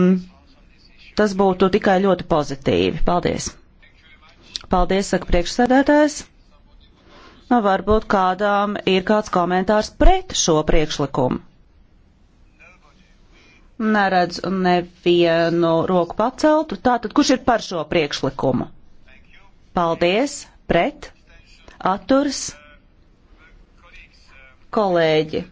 un tas būtu tikai ļoti pozitīvi. Paldies! Paldies, saka priekšsēdētājs. Nu, varbūt kādām ir kāds komentārs pret šo priekšlikumu. Neredz nevienu roku paceltu. Tātad, kurš ir par šo priekšlikumu? Paldies, pret, atturs, kolēģi.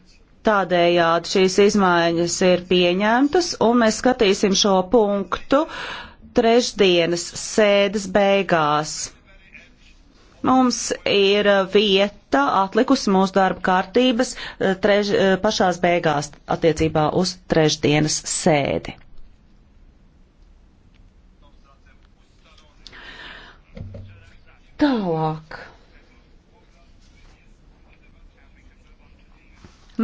Tādējādi šīs izmaiņas ir pieņemtas, un mēs skatīsim šo punktu trešdienas sēdes beigās. Mums ir vieta atlikusi mūsu darba kārtības eh, trež, eh, pašās beigās attiecībā uz trešdienas sēdi. Tālāk.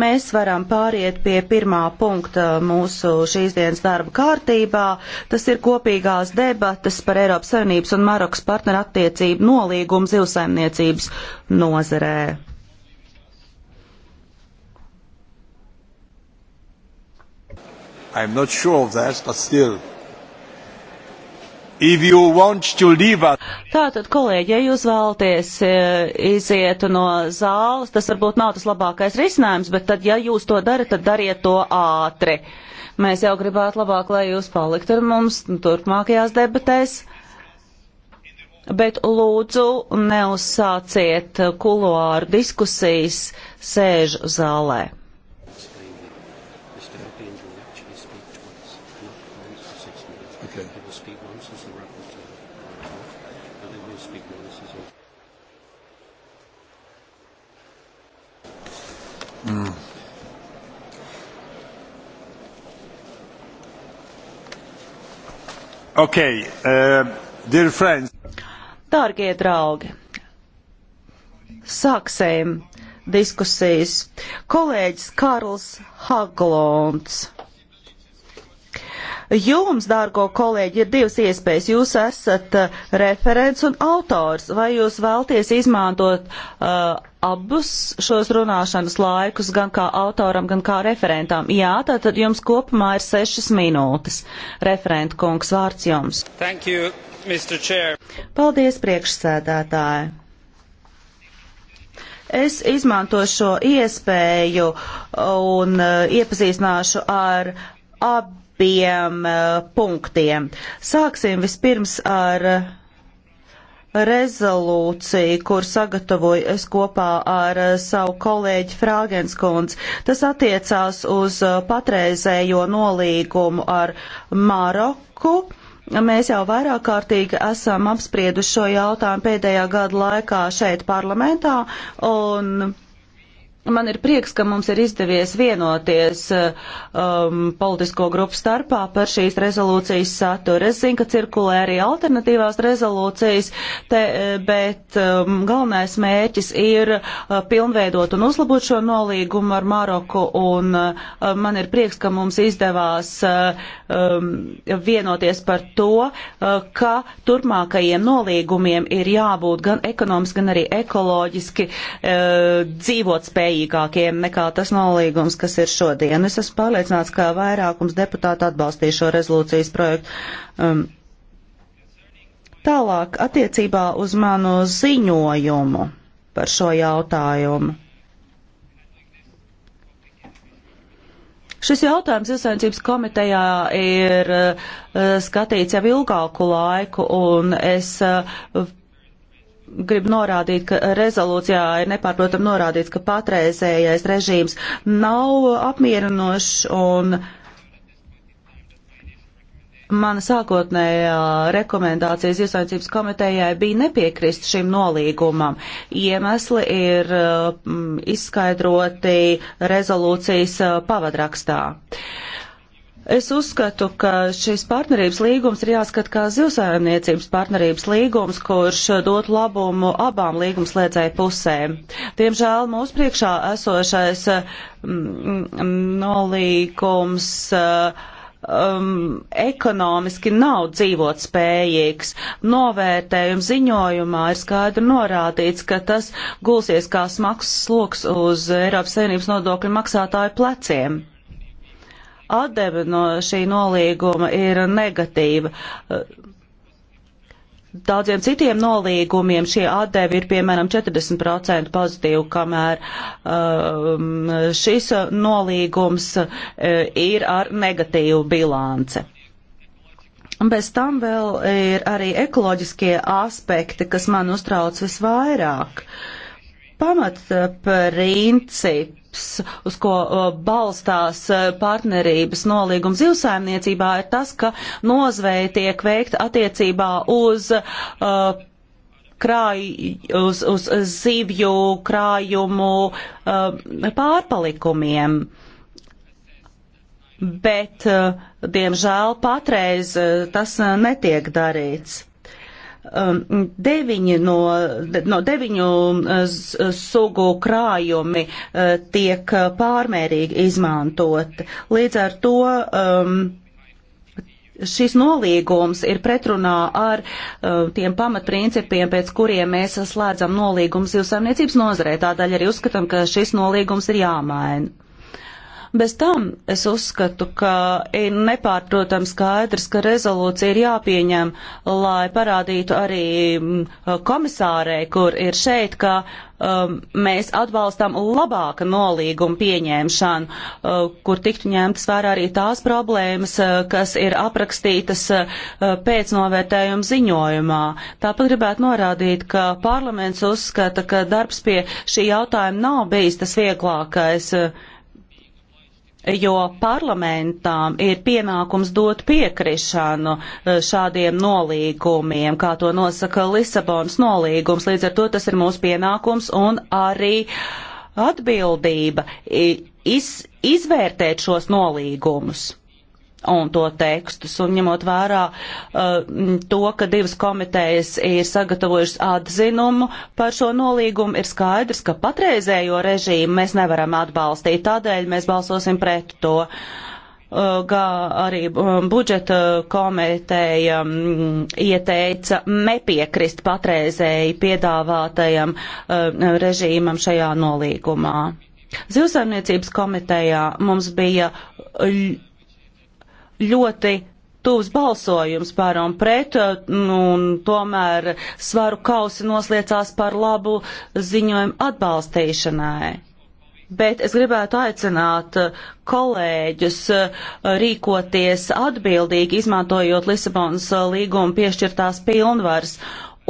mēs varam pāriet pie pirmā punkta mūsu šīs dienas darba kārtībā. Tas ir kopīgās debatas par Eiropas Savienības un Marokas partneru attiecību nolīgumu zivsaimniecības nozerē. I'm not sure of that, but still. Tātad, kolēģi, ja jūs vēlaties e, iziet no zāles, tas varbūt nav tas labākais risinājums, bet tad, ja jūs to darat, tad dariet to ātri. Mēs jau gribētu labāk, lai jūs palikt ar mums turpmākajās debatēs. Bet lūdzu, neuzsāciet kuluāru diskusijas sēžu zālē. Mm. Okay, uh, dear friends. Dārgie draugi, sāksim diskusijas. Kolēģis Karls Haglons. Jums, dārgo kolēģi, ir divas iespējas. Jūs esat uh, referents un autors, vai jūs vēlties izmantot uh, abus šos runāšanas laikus, gan kā autoram, gan kā referentām. Jā, tātad jums kopumā ir sešas minūtes. Referenta kungs, vārds jums. Thank you, Mr. Chair. Paldies, priekšsēdētāji. Es izmantošu šo iespēju un uh, iepazīstināšu ar abiem uh, punktiem. Sāksim vispirms ar uh, rezolūciju, kur sagatavoju es kopā ar eh, savu kolēģi Frāgenskundz. Tas attiecās uz eh, patreizējo nolīgumu ar Maroku. Mēs jau vairāk kārtīgi esam apsprieduši šo jautājumu pēdējā gada laikā šeit parlamentā, un Man ir prieks, ka mums ir izdevies vienoties eh, um, politisko grupu starpā par šīs rezolūcijas saturu. Es zinu, ka cirkulē arī alternatīvās rezolūcijas, te, eh, bet um, galvenais mērķis ir uh, pilnveidot un uzlabot šo nolīgumu ar Maroku, un uh, man ir prieks, ka mums izdevās uh, um, vienoties par to, uh, ka turpmākajiem nolīgumiem ir jābūt gan ekonomiski, gan arī ekoloģiski uh, dzīvotspējīgiem labējīgākiem nekā tas nolīgums, kas ir šodien. Es esmu pārliecināts, ka vairākums deputātu atbalstīs šo rezolūcijas projektu. Um, tālāk attiecībā uz manu ziņojumu par šo jautājumu. Šis jautājums Ilsainicības komitejā ir uh, skatīts jau ilgāku laiku, un es uh, gribu norādīt, ka rezolūcijā ir nepārprotam norādīts, ka patreizējais režīms nav apmierinošs un mana sākotnējā rekomendācijas iesaistības komitejai bija nepiekrist šim nolīgumam. Iemesli ir mm, izskaidroti rezolūcijas uh, pavadrakstā. Uh, Es uzskatu, ka šis partnerības līgums ir jāskat kā zivsājumniecības partnerības līgums, kurš dot labumu abām līgumslēdzēju pusēm. Diemžēl mūsu priekšā esošais mm, nolīgums um, ekonomiski nav dzīvot spējīgs. Novērtējuma ziņojumā ir skaidri norādīts, ka tas gulsies kā smags sloks uz Eiropas Savienības nodokļu maksātāju pleciem atdeve no šī nolīguma ir negatīva. Daudziem citiem nolīgumiem šie atdevi ir piemēram 40% pozitīvi, kamēr um, šis nolīgums uh, ir ar negatīvu bilanci. Bez tam vēl ir arī ekoloģiskie aspekti, kas man uztrauc visvairāk. Pamat e, principi darbs, uz ko uh, balstās uh, partnerības nolīgums zivsaimniecībā, ir tas, ka nozvei tiek veikta attiecībā uz uh, krāj, uz, uz zivju krājumu uh, pārpalikumiem. Bet, uh, diemžēl, patreiz uh, tas netiek darīts. Um, deviņi no, no deviņu um, sugu krājumi uh, tiek uh, pārmērīgi izmantot. Līdz ar to um, šis nolīgums ir pretrunā ar uh, tiem pamatprincipiem, pēc kuriem mēs slēdzam nolīgumus jūsu saimniecības nozarē. Tādēļ arī uzskatām, ka šis nolīgums ir jāmaina. Bez tam es uzskatu, ka ir nepārprotams skaidrs, ka rezolūcija ir jāpieņem, lai parādītu arī mm, komisārei, kur ir šeit, ka um, mēs atbalstam labāka nolīguma pieņemšanu, uh, kur tiktu ņemtas vērā arī tās problēmas, uh, kas ir aprakstītas uh, pēcnovērtējuma ziņojumā. Tāpat gribētu norādīt, ka parlaments uzskata, ka darbs pie šī jautājuma nav bijis tas vieglākais. Uh, jo parlamentām ir pienākums dot piekrišanu e, šādiem nolīgumiem, kā to nosaka Lisabonas nolīgums. Līdz ar to tas ir mūsu pienākums un arī atbildība iz, izvērtēt šos nolīgumus un to tekstus, un ņemot vērā uh, to, ka divas komitejas ir sagatavojušas atzinumu par šo nolīgumu, ir skaidrs, ka patreizējo režīmu mēs nevaram atbalstīt, tādēļ mēs balsosim pret to. Uh, Gā arī um, budžeta komiteja um, ieteica nepiekrist patreizēji piedāvātajam uh, režīmam šajā nolīgumā. Zivsaimniecības komitejā mums bija ļoti tuvs balsojums par un pret, uh, nu, un tomēr svaru kausi nosliecās par labu ziņojumu atbalstīšanai. Bet es gribētu aicināt uh, kolēģus uh, rīkoties atbildīgi, izmantojot Lisabonas līguma piešķirtās pilnvaras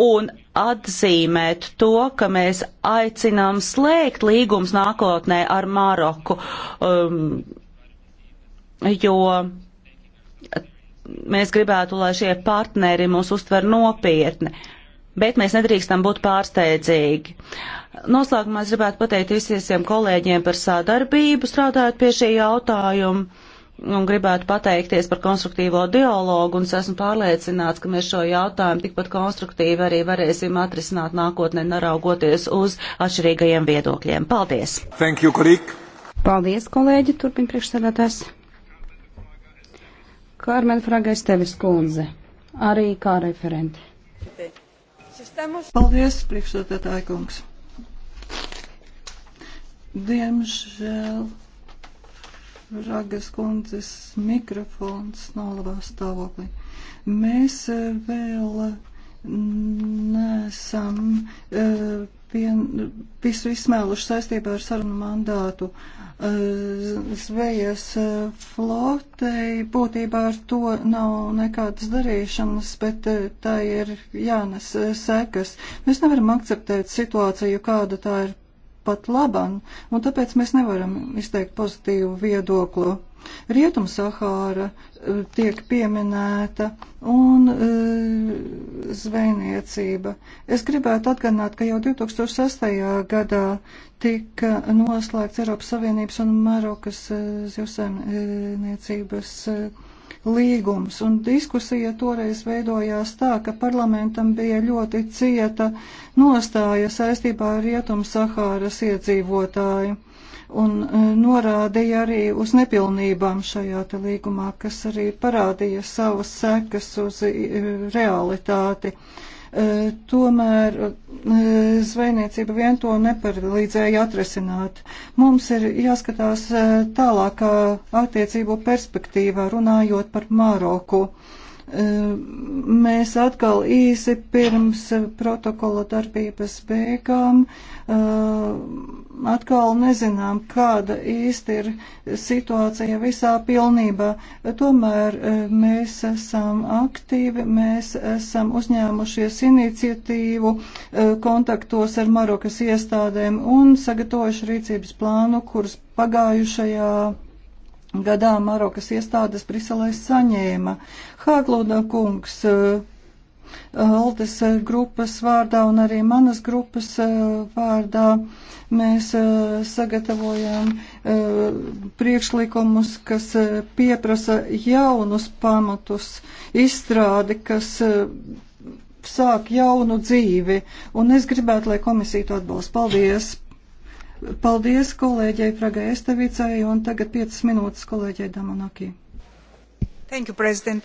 un atzīmēt to, ka mēs aicinām slēgt līgums nākotnē ar Maroku, um, jo mēs gribētu, lai šie partneri mūs uztver nopietni, bet mēs nedrīkstam būt pārsteidzīgi. Noslēgumā es gribētu pateikt visiem kolēģiem par sadarbību, strādājot pie šī jautājuma, un gribētu pateikties par konstruktīvo dialogu, un es esmu pārliecināts, ka mēs šo jautājumu tikpat konstruktīvi arī varēsim atrisināt nākotnē, naraugoties uz atšķirīgajiem viedokļiem. Paldies! Thank you, kolēģi! Paldies, kolēģi! Turpin priekšsēdētājs! Kārmen Fragais tevis kundze, arī kā referenti. Paldies, priekšsēdētāji kungs. Diemžēl Ragas kundzes mikrofons nav labā stāvoklī. Mēs eh, vēl nesam. Uh, vien, visu izsmēluši saistībā ar sarunu mandātu. Eh, Zvejas eh, flotei būtībā ar to nav nekādas darīšanas, bet eh, tā ir jānes sekas. Mēs nevaram akceptēt situāciju, kāda tā ir pat laban, un tāpēc mēs nevaram izteikt pozitīvu viedoklu. Rietumsahāra eh, tiek pieminēta un e, zvejniecība. Es gribētu atgādināt, ka jau 2006. gadā tika noslēgts Eiropas Savienības un Marokas eh, zivsēmniecības e, līgums. Un diskusija toreiz veidojās tā, ka parlamentam bija ļoti cieta nostāja saistībā ar Rietumu Sahāras iedzīvotāju un e, norādīja arī uz nepilnībām šajā te līgumā, kas arī parādīja savas sekas uz e, realitāti. Uh, E, tomēr e, zvejniecība vien to nepalīdzēja atrisināt. Mums ir jāskatās e, tālākā attiecību perspektīvā, runājot par Māroku. Mēs atkal īsi pirms protokola darbības beigām uh, atkal nezinām, kāda īsti ir situācija visā pilnībā. Tomēr eh, mēs esam aktīvi, mēs esam uzņēmušies iniciatīvu eh, kontaktos ar Marokas iestādēm un sagatavojuši rīcības plānu, kurus pagājušajā gadā Marokas iestādes Briselē saņēma. Hāglūda kungs, eh, Aldes grupas vārdā un arī manas grupas vārdā Mēs uh, sagatavojam uh, priekšlikumus, kas uh, pieprasa jaunus pamatus, izstrādi, kas sāk jaunu dzīvi. Un es gribētu, lai komisija to atbalsta. Paldies! Paldies kolēģei Fragai Estevicai un tagad 5 minūtes kolēģei Damanakī. Thank you, President.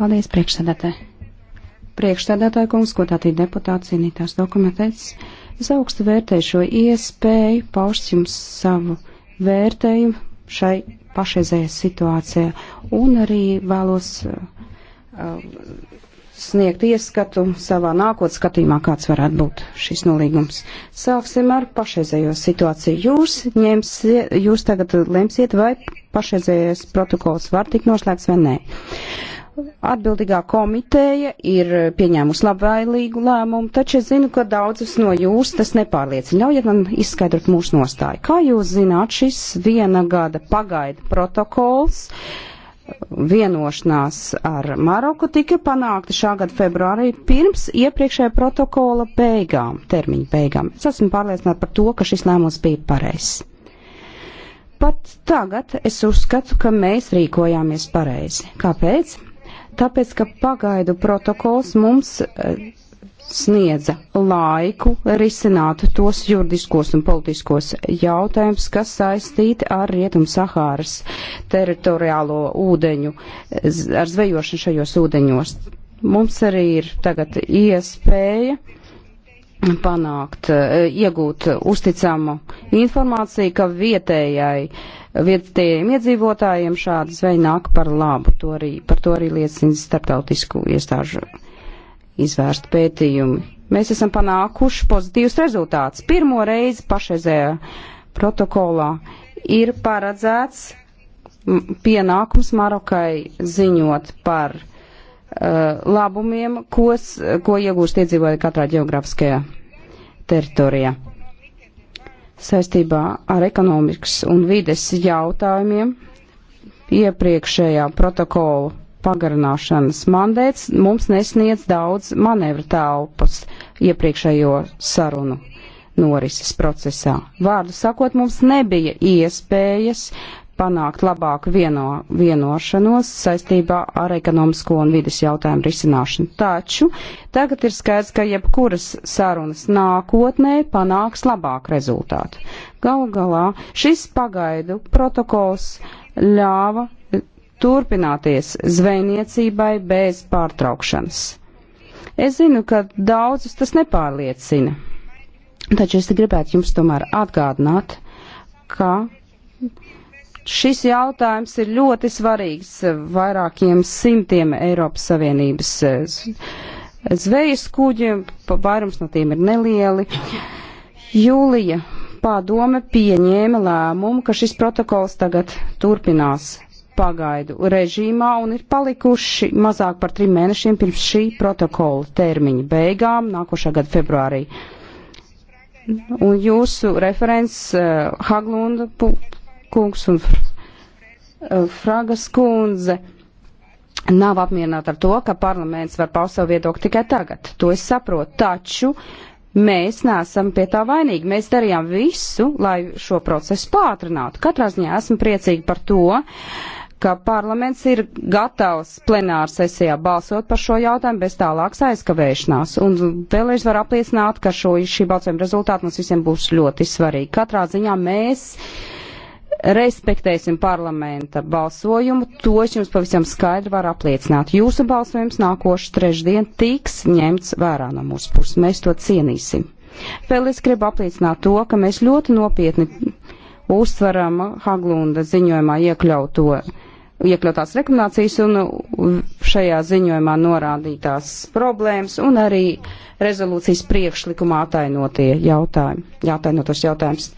Paldies, priekšsēdētāji. Priekšsēdētāja kungs, ko tātī deputāts, cienītās dokumentētas. Es augstu vērtēju šo iespēju paust jums savu vērtējumu šai pašreizējā situācijā un arī vēlos uh, sniegt ieskatu savā nākotnes skatījumā, kāds varētu būt šis nolīgums. Sāksim ar pašreizējo situāciju. Jūs, ņems, jūs tagad lemsiet, vai pašreizējais protokols var tikt noslēgts vai nē. Atbildīgā komiteja ir pieņēmusi labvēlīgu lēmumu, taču es zinu, ka daudzus no jūs tas nepārliecina. Ļaujiet man izskaidrot mūsu nostāju. Kā jūs zināt, šis viena gada pagaida protokols vienošanās ar Maroku tika panākta šā gada februārī pirms iepriekšējā protokola beigām, termiņa beigām. Es esmu pārliecināta par to, ka šis lēmums bija pareizs. Pat tagad es uzskatu, ka mēs rīkojāmies pareizi. Kāpēc? Tāpēc, ka pagaidu protokols mums eh, sniedza laiku risināt tos juridiskos un politiskos jautājumus, kas saistīti ar Rietumu Sahāras teritoriālo ūdeņu, ar zvejošanu šajos ūdeņos. Mums arī ir tagad iespēja panākt, eh, iegūt uzticamu informāciju, ka vietējai uh, vietējiem iedzīvotājiem šāda zveja nāk par labu. To arī, par to arī liecina starptautisku iestāžu izvērst pētījumi. Mēs esam panākuši pozitīvus rezultātus. Pirmo reizi pašreizējā protokolā ir paredzēts pienākums Marokai ziņot par uh, labumiem, kos, ko iegūst iedzīvotāji katrā geogrāfiskajā teritorijā saistībā ar ekonomikas un vides jautājumiem iepriekšējā protokolu pagarināšanas mandēts mums nesniedz daudz manevra telpas iepriekšējo sarunu norises procesā. Vārdu sakot, mums nebija iespējas panākt labāku vieno, vienošanos saistībā ar ekonomisko un vidas jautājumu risināšanu. Taču tagad ir skaidrs, ka jebkuras sarunas nākotnē panāks labāku rezultātu. Galu galā šis pagaidu protokols ļāva turpināties zvejniecībai bez pārtraukšanas. Es zinu, ka daudzus tas nepārliecina, taču es gribētu jums tomēr atgādināt, ka Šis jautājums ir ļoti svarīgs vairākiem simtiem Eiropas Savienības eh, zvejas kuģiem, vairums no tiem ir nelieli. Jūlija padome pieņēma lēmumu, ka šis protokols tagad turpinās pagaidu režīmā un ir palikuši mazāk par trim mēnešiem pirms šī protokola termiņa beigām nākošā gada februārī. Un jūsu referents uh, Haglunda kungs un eh, Fragas kundze nav apmierināti ar to, ka parlaments var paust savu viedokli tikai tagad. To es saprotu. Taču mēs neesam pie tā vainīgi. Mēs darījām visu, lai šo procesu pātrinātu. Katrā ziņā esmu priecīgi par to, ka parlaments ir gatavs plenāra sesijā balsot par šo jautājumu bez tālākas aizkavēšanās. Un vēlreiz var apliecināt, ka šo, šī balsojuma rezultāti mums visiem būs ļoti svarīgi. Katrā ziņā mēs respektēsim parlamenta balsojumu, to es jums pavisam skaidri varu apliecināt. Jūsu balsojums nākošu trešdien tiks ņemts vērā no mūsu puses. Mēs to cienīsim. Vēl es gribu apliecināt to, ka mēs ļoti nopietni uztveram Haglunda ziņojumā iekļauto, iekļautās rekomendācijas un šajā ziņojumā norādītās problēmas un arī rezolūcijas priekšlikumā atainotie jautājumi, atainotos jautājums.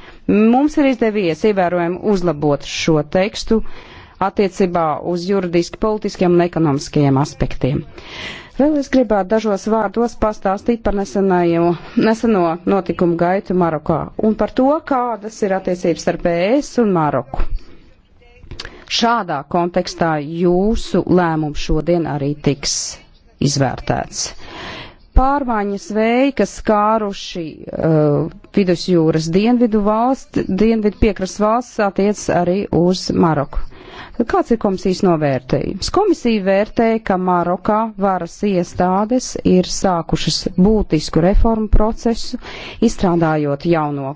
Mums ir izdevies ievērojami uzlabot šo tekstu attiecībā uz juridiski, politiskiem un ekonomiskajiem aspektiem. Vēl es gribētu dažos vārdos pastāstīt par nesenājo, neseno notikumu gaitu Marokā un par to, kādas ir attiecības starp ES un Maroku šādā kontekstā jūsu lēmums šodien arī tiks izvērtēts. Pārmaiņas vēja, kas skāruši uh, vidusjūras dienvidu valsts, dienvidu piekras valsts attiec arī uz Maroku. Kāds ir komisijas novērtējums? Komisija vērtē, ka Marokā varas iestādes ir sākušas būtisku reformu procesu, izstrādājot jauno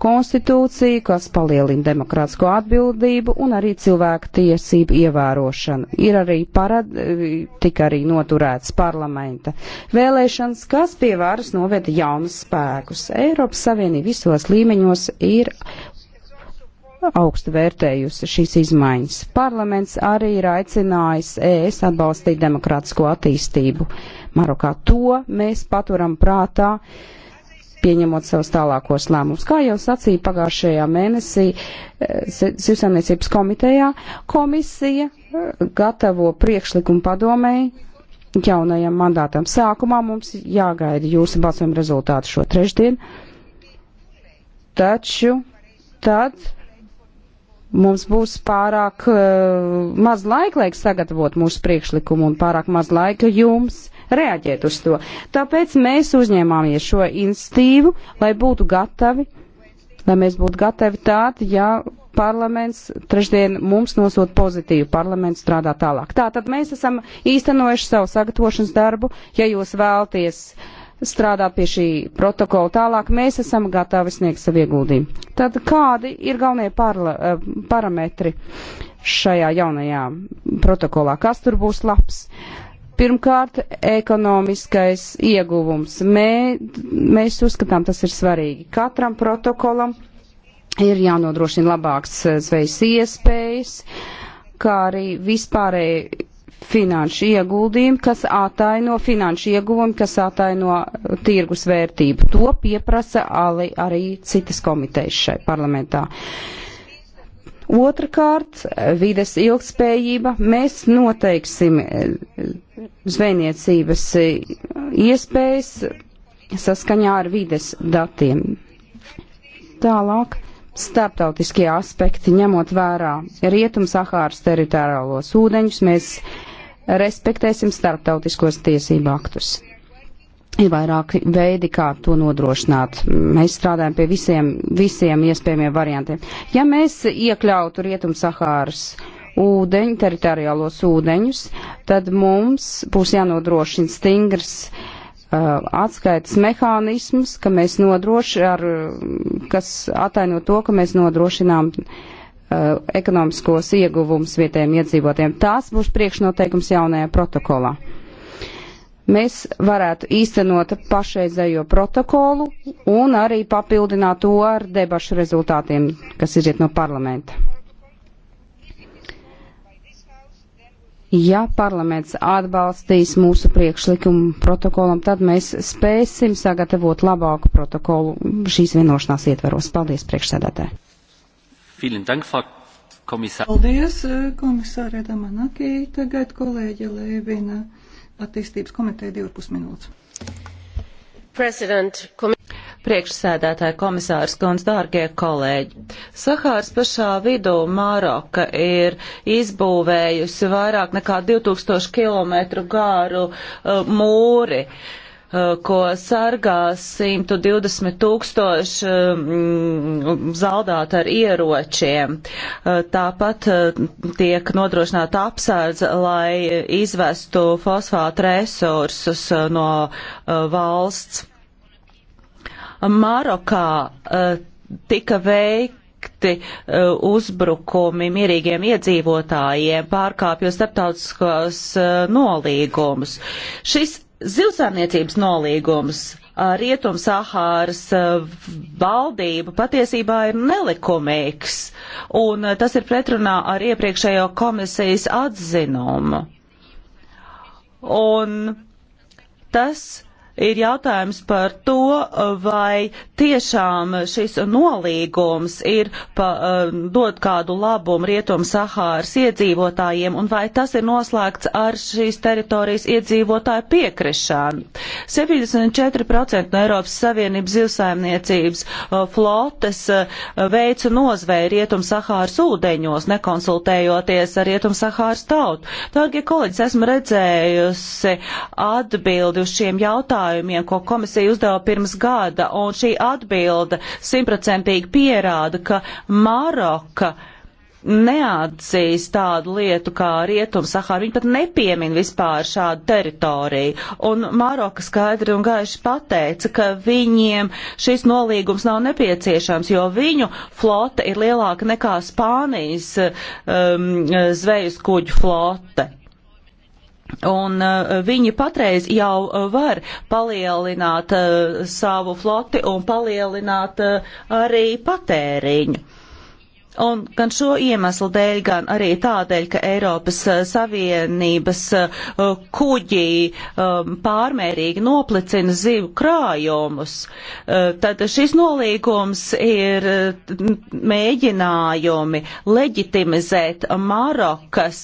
konstitūciju, kas palielina demokrātisko atbildību un arī cilvēku tiesību ievērošanu. Ir arī parad, tika arī noturēts parlamenta vēlēšanas, kas pie varas noveda jaunas spēkus. Eiropas Savienība visos līmeņos ir augstu vērtējusi šīs izmaiņas. Parlaments arī ir aicinājis ES atbalstīt demokrātisko attīstību. Marokā to mēs paturam prātā. Uh, pieņemot savus tālākos lēmumus. Kā jau sacīja pagājušajā mēnesī eh, Sivsaimniecības komitejā, komisija eh, gatavo priekšlikumu padomēji jaunajam mandātam. Sākumā mums jāgaida jūsu balsojuma rezultāti šo trešdienu, taču tad mums būs pārāk uh, maz laika, lai sagatavot mūsu priekšlikumu un pārāk maz laika jums reaģēt uz to. Tāpēc mēs uzņēmāmies šo institīvu, lai būtu gatavi, lai mēs būtu gatavi tādi, ja parlaments trešdien mums nosūt pozitīvu, parlaments strādā tālāk. Tātad mēs esam īstenojuši savu sagatavošanas darbu, ja jūs vēlties strādāt pie šī protokola tālāk, mēs esam gatavi sniegt savu ieguldījumu. Tad kādi ir galvenie parla, eh, parametri šajā jaunajā protokolā? Kas tur būs labs? Uh, Pirmkārt, ekonomiskais ieguvums. Mē, mēs uzskatām, tas ir svarīgi. Katram protokolam ir jānodrošina labāks eh, zvejas iespējas, kā arī vispārēji finanšu ieguldījumi, kas ataino finanšu ieguvumi, kas ataino eh, tirgus vērtību. To pieprasa arī citas komitejas šai parlamentā. Uh, Otrakārt, vides ilgspējība. Mēs noteiksim eh, zvejniecības eh, iespējas saskaņā ar vides datiem. Tālāk, starptautiskie aspekti, ņemot vērā Rietum-Sahāras teritoriālos ūdeņus, mēs respektēsim starptautiskos tiesību aktus. Ir vairāki veidi, kā to nodrošināt. Mēs strādājam pie visiem, visiem iespējamiem variantiem. Ja mēs iekļautu Rietum Sahāras ūdeņu, teritoriālos ūdeņus, tad mums būs jānodrošina stingrs uh, atskaites mehānisms, ka mēs nodroši ar, kas ataino to, ka mēs nodrošinām uh, ekonomiskos ieguvums vietējiem iedzīvotiem. Tās būs priekšnoteikums jaunajā protokolā mēs varētu īstenot pašreizējo protokolu un arī papildināt to ar debašu rezultātiem, kas iziet no parlamenta. Ja parlaments atbalstīs mūsu priekšlikumu protokolam, tad mēs spēsim sagatavot labāku protokolu šīs vienošanās ietveros. Paldies, priekšsēdētāji! Paldies, eh, komisārie Damanakī. Tagad kolēģi Lēvina attīstības komiteja 2,5 minūtes. President, kom priekšsēdētāja komisārs Kons, dārgie kolēģi. Sahāras pašā vidū Māroka ir izbūvējusi vairāk nekā 2000 km garu uh, mūri. Uh, Eh, ko sargā 120 tūkstoši mm, zaldāti ar ieročiem. Eh, tāpat eh, tiek nodrošināta apsēdz, lai izvestu fosfātu resursus no valsts. Marokā tika veikta veikti uh, uzbrukumi mierīgiem iedzīvotājiem, pārkāpjot starptautiskos uh, nolīgumus. Šis Zivsārniecības nolīgums ar Rietum-Sahāras valdību patiesībā ir nelikumīgs, un tas ir pretrunā ar iepriekšējo komisijas atzinumu. Un tas ir jautājums par to, vai tiešām šis nolīgums ir pa, eh, dod kādu labumu Rietumu Sahāras iedzīvotājiem un vai tas ir noslēgts ar šīs teritorijas iedzīvotāju piekrišanu. 74% no Eiropas Savienības zivsaimniecības eh, flotes eh, veicu nozvēju Rietumu Sahāras ūdeņos, nekonsultējoties ar Rietumu Sahāras tautu. Dārgie kolēģis, esmu redzējusi atbildi uz šiem jautājumiem jautājumiem, ko komisija uzdeva pirms gada, un šī atbilde simtprocentīgi pierāda, ka Maroka neatzīst tādu lietu kā Rietum-Sahāra. Viņi pat nepiemina vispār šādu teritoriju. Un Maroka skaidri un gaiši pateica, ka viņiem šis nolīgums nav nepieciešams, jo viņu flote ir lielāka nekā Spānijas um, zvejas kuģu flote. Un uh, viņi patreiz jau uh, var palielināt uh, savu floti un palielināt uh, arī patēriņu. Un gan šo iemeslu dēļ, gan arī tādēļ, ka Eiropas eh, Savienības eh, kuģi eh, pārmērīgi noplicina zivu krājumus, tad šis nolīgums ir mēģinājumi leģitimizēt Marokas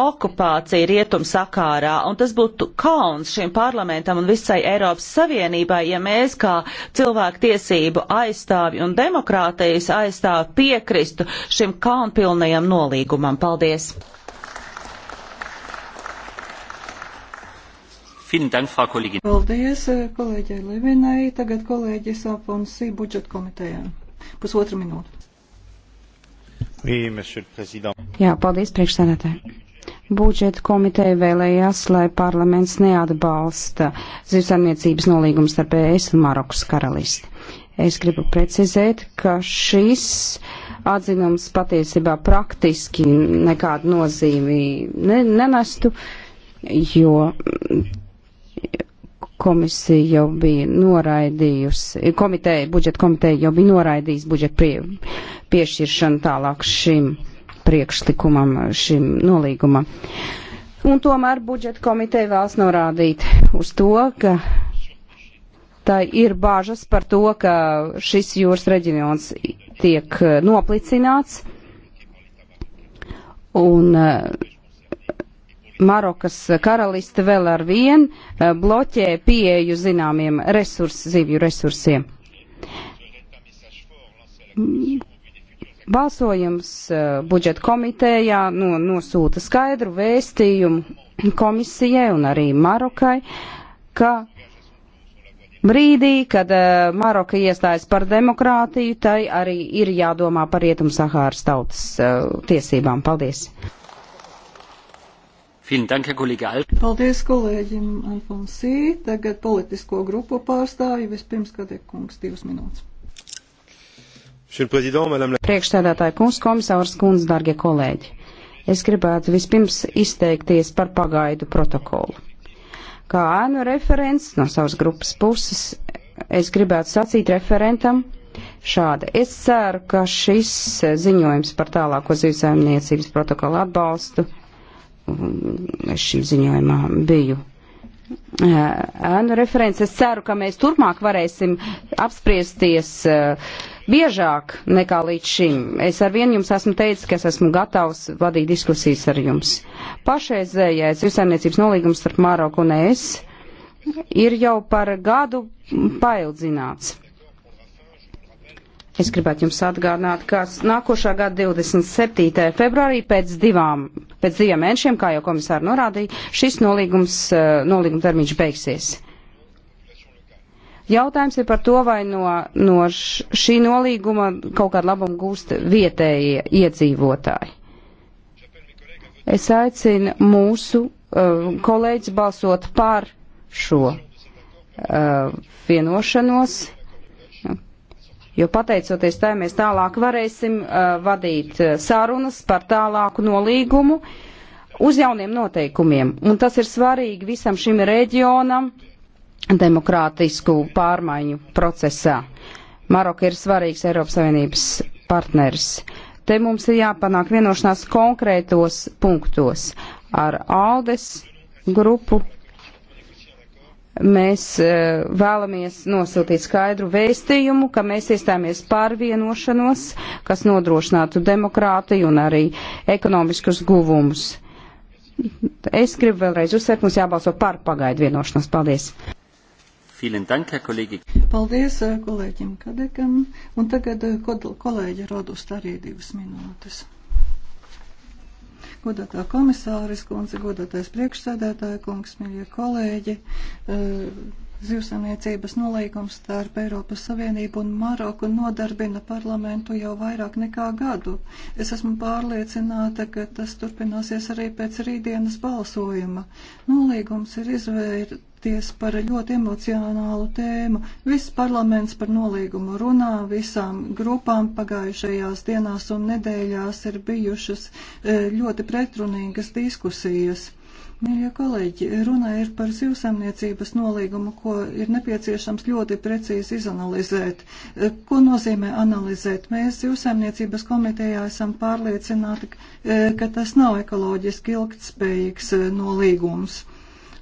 okupāciju Rietumsakārā. Un tas būtu kauns šim parlamentam un visai Eiropas Savienībai, ja mēs kā cilvēku tiesību aizstāvi un demokrātijas aizstāvi piekrist atbalstu šim kaunpilnajam nolīgumam. Paldies! Paldies eh, kolēģei Levinai. Tagad kolēģis Aponsī budžeta komitejā. Pusotra minūte. Jā, paldies priekšsēdētāji. Budžeta komiteja vēlējās, lai parlaments neatbalsta zivsarniecības nolīgums starp ES un Marokas karalisti. Es gribu precizēt, ka šis atzinums patiesībā praktiski nekādu nozīmi ne, nenestu, jo komisija jau bija noraidījusi, komiteja, budžeta komiteja jau bija noraidījusi budžeta prie, piešķiršanu tālāk šim priekšlikumam, šim nolīgumam. Un tomēr budžeta komiteja vēlas norādīt uz to, ka tā ir bāžas par to, ka šis jūras reģions tiek e, noplicināts. Un e, Marokas karaliste vēl ar vien e, bloķē pieeju zināmiem resurs, zivju resursiem. Balsojums budžeta komitējā no, nosūta skaidru vēstījumu komisijai un arī Marokai, ka Brīdī, kad uh, Maroka iestājas par demokrātiju, tai arī ir jādomā par rietumu Sahāras tautas uh, tiesībām. Paldies! Paldies kolēģim Alfonsī. Tagad politisko grupu pārstāvi vispirms, kad ir kungs divas minūtes. Priekšstādātāja kungs, komisārs kungs, dargie kolēģi. Es gribētu vispirms izteikties par pagaidu protokolu. Kā ēnu referents no savas grupas puses, es gribētu sacīt referentam šādi. Es ceru, ka šis ziņojums par tālāko zivsaimniecības protokolu atbalstu šī ziņojumā biju Eh, ēnu referents. Es ceru, ka mēs turpmāk varēsim apspriesties eh, biežāk nekā līdz šim. Es ar vienu jums esmu teicis, ka es esmu gatavs vadīt diskusijas ar jums. Pašreizējais visainiecības nolīgums starp Māroku un es ir jau par gadu paildzināts. Es gribētu jums atgādināt, ka nākošā gada 27. februārī pēc divām, pēc diviem mēnešiem, kā jau komisāri norādīja, šis nolīgums, eh, nolīguma termiņš beigsies. Jautājums ir par to, vai no, no šī nolīguma kaut kādu labumu gūst vietējie iedzīvotāji. Es aicinu mūsu uh, kolēģis balsot par šo uh, vienošanos. Uh, jo pateicoties tai mēs tālāk varēsim uh, vadīt uh, sarunas par tālāku nolīgumu uz jauniem noteikumiem. Un tas ir svarīgi visam šim reģionam demokrātisku pārmaiņu procesā. Maroka ir svarīgs Eiropas Savienības partners. Te mums ir jāpanāk vienošanās konkrētos punktos ar Aldes grupu Mēs e, vēlamies nosiltīt skaidru vēstījumu, ka mēs iestāmies pār vienošanos, kas nodrošinātu demokrātiju un arī ekonomiskus guvumus. Es gribu vēlreiz uzsvērt, mums jābalso par pagaidu vienošanos. Paldies! Paldies e, kolēģim Kadekam, un tagad e, kolēģi Rodust arī divas minūtes godātā komisāris kundze, godātais priekšsēdētāja kungs, mīļie kolēģi. Eh, Zivsaniecības nolīgums starp Eiropas Savienību un Maroku nodarbina parlamentu jau vairāk nekā gadu. Es esmu pārliecināta, ka tas turpināsies arī pēc rītdienas balsojuma. Nolīgums ir izvērts izteikties par ļoti emocionālu tēmu. Viss parlaments par nolīgumu runā, visām grupām pagājušajās dienās un nedēļās ir bijušas e, ļoti pretrunīgas diskusijas. Mīļie kolēģi, runa ir par zivsaimniecības nolīgumu, ko ir nepieciešams ļoti precīzi izanalizēt. E, ko nozīmē analizēt? Mēs zivsaimniecības komitejā esam pārliecināti, e, ka tas nav ekoloģiski ilgtspējīgs nolīgums.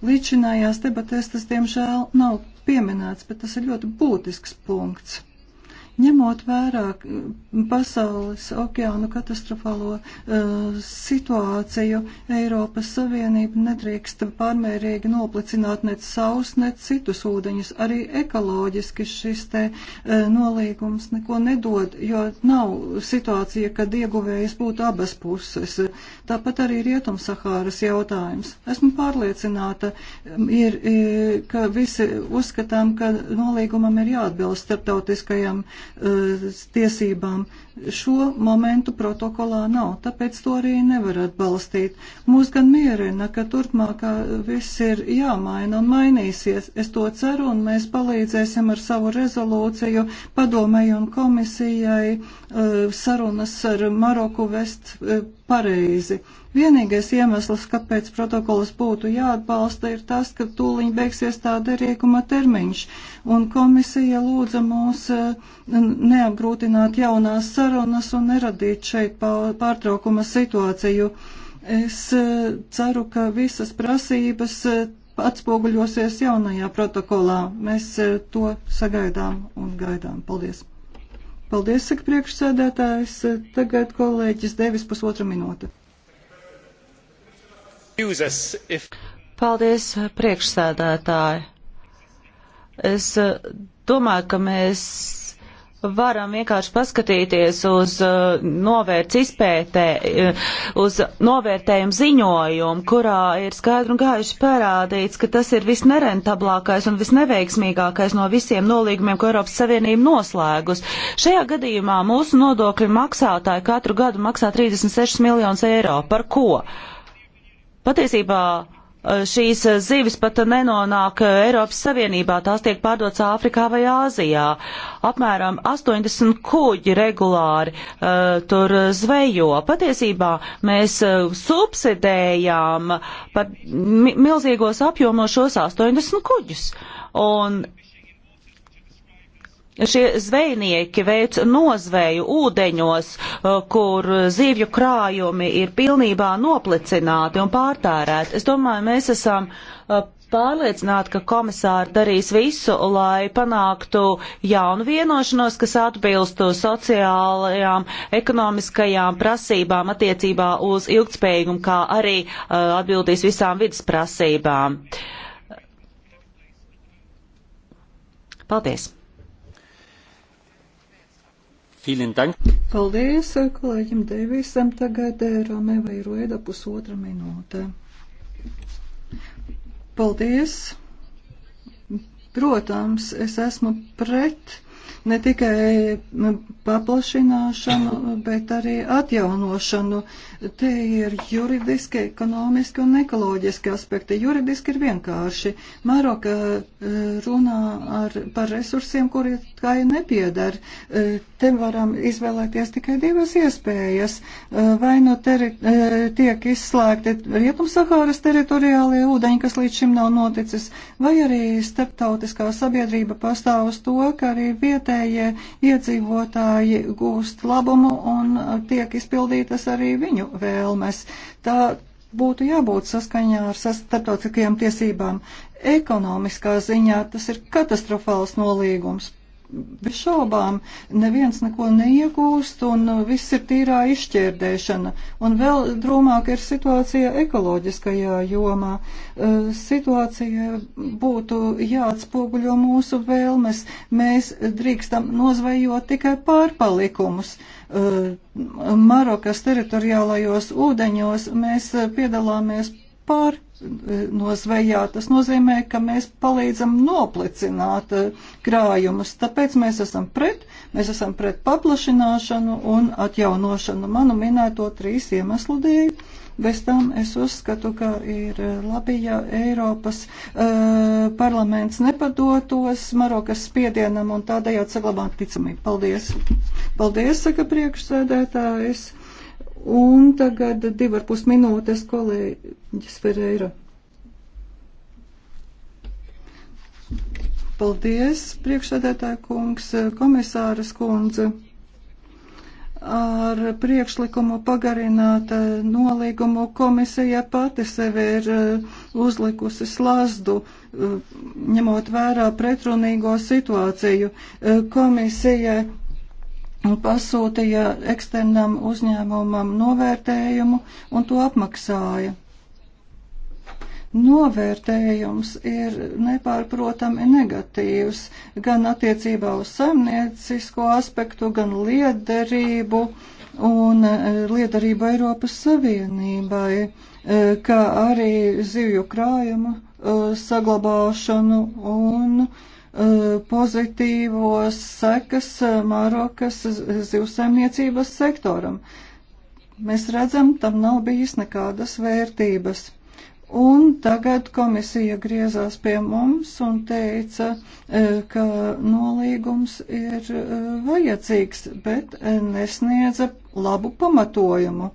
Līdzinājās debatēs tas, diemžēl, nav pieminēts, bet tas ir ļoti būtisks punkts. Ņemot vērā mm, pasaules okeānu katastrofālo uh, situāciju, Eiropas Savienība nedrīkst pārmērīgi noplicināt ne savus, ne citus ūdeņus. Arī ekoloģiski šis te uh, nolīgums neko nedod, jo nav situācija, kad ieguvējas būtu abas puses. Tāpat arī Rietumsahāras jautājums. Esmu pārliecināta, ir, e, ka visi uzskatām, ka nolīgumam ir jāatbilst starptautiskajam uh, Eh, tiesībām. Šo momentu protokolā nav, tāpēc to arī nevar atbalstīt. Mūs gan mierina, ka turpmākā viss ir jāmaina un mainīsies. Es to ceru un mēs palīdzēsim ar savu rezolūciju padomēju un komisijai eh, sarunas ar Maroku vest eh, pareizi. Vienīgais iemesls, kāpēc protokols būtu jāatbalsta, ir tas, ka tūliņ beigsies tā derīguma termiņš, un komisija lūdza mūs eh, neapgrūtināt jaunās sarunas un neradīt šeit pārtraukuma situāciju. Es eh, ceru, ka visas prasības eh, atspoguļosies jaunajā protokolā. Mēs to sagaidām un gaidām. Paldies! Paldies, saka priekšsēdētājs. Tagad kolēģis Devis pusotra minūte. Paldies, priekšsēdētāji. Es eh, domāju, ka mēs varam vienkārši paskatīties uz uh, novērts izpētē, uh, uz novērtējumu ziņojumu, kurā ir skaidri un gaiši parādīts, ka tas ir visnerentablākais un visneveiksmīgākais no visiem nolīgumiem, ko Eiropas Savienība noslēgus. Šajā gadījumā mūsu nodokļu maksātāji katru gadu maksā 36 miljonus eiro. Par ko? Patiesībā Eh, šīs eh, zivis pat nenonāk eh, Eiropas Savienībā, tās tiek pārdotas Āfrikā vai Āzijā. Apmēram 80 kuģi regulāri uh, tur zvejo. Patiesībā mēs uh, subsidējām par mi milzīgos apjomos šos 80 kuģus. Un šie zvejnieki veic nozveju ūdeņos, eh, kur zivju krājumi ir pilnībā noplicināti un pārtērēti. Es domāju, mēs esam eh, pārliecināti, ka komisāri darīs visu, lai panāktu jaunu vienošanos, kas atbilstu sociālajām, ekonomiskajām prasībām attiecībā uz ilgtspējīgumu, kā arī eh, atbildīs visām vidas prasībām. Paldies! Paldies kolēģim Deivisam. Tagad eh, Rome vai Rueda pusotra minūte. Paldies. Protams, es esmu pret ne tikai paplašināšanu, bet arī atjaunošanu. Te ir juridiski, ekonomiski un ekoloģiski aspekti. Juridiski ir vienkārši. Maroka e, runā ar, par resursiem, kuri kā ir nepiedara. E, te varam izvēlēties tikai divas iespējas. E, vai nu teri, tiek izslēgti Rietumsaharas teritoriālie ūdeņi, kas līdz šim nav noticis, vai arī starptautiskā sabiedrība pastāv uz to, ka arī vietē vietējie iedzīvotāji gūst labumu un tiek izpildītas arī viņu vēlmes. Tā būtu jābūt saskaņā ar starptautiskajām tiesībām. Ekonomiskā ziņā tas ir katastrofāls nolīgums bez šaubām neviens neko neiegūst un viss ir tīrā izšķērdēšana. Un vēl drūmāk ir situācija ekoloģiskajā jomā. E, situācija būtu jāatspoguļo mūsu vēlmes. Mēs drīkstam nozvejot tikai pārpalikumus. E, Marokas teritoriālajos ūdeņos mēs piedalāmies pārnozvejā. E, Tas nozīmē, ka mēs palīdzam noplicināt e, krājumus, tāpēc mēs esam pret, mēs esam pret paplašināšanu un atjaunošanu manu minēto trīs iemeslu dēļ. Bez tam es uzskatu, ka ir e, labi, ja Eiropas uh, parlaments nepadotos Marokas spiedienam un tādējādi saglabātu ticamību. Paldies! Paldies, saka priekšsēdētājs! Un tagad divar pus minūtes kolēģis Ferreira. Paldies, priekšsēdētāja kungs, komisāras kundze. Ar priekšlikumu pagarināt nolīgumu komisija pati sevi ir eh, uzlikusi slazdu, eh, ņemot vērā pretrunīgo situāciju. Eh, komisija pasūtīja eksternam uzņēmumam novērtējumu un to apmaksāja. Novērtējums ir nepārprotami negatīvs gan attiecībā uz saimniecisko aspektu, gan liederību un eh, liederību Eiropas Savienībai, eh, kā arī zivju krājumu eh, saglabāšanu un uh, Eh, pozitīvos sekas eh, Mārokas eh, zivsaimniecības sektoram. Mēs redzam, tam nav bijis nekādas vērtības. Un tagad komisija griezās pie mums un teica, e, ka nolīgums ir e, vajadzīgs, bet e, nesniedza labu pamatojumu.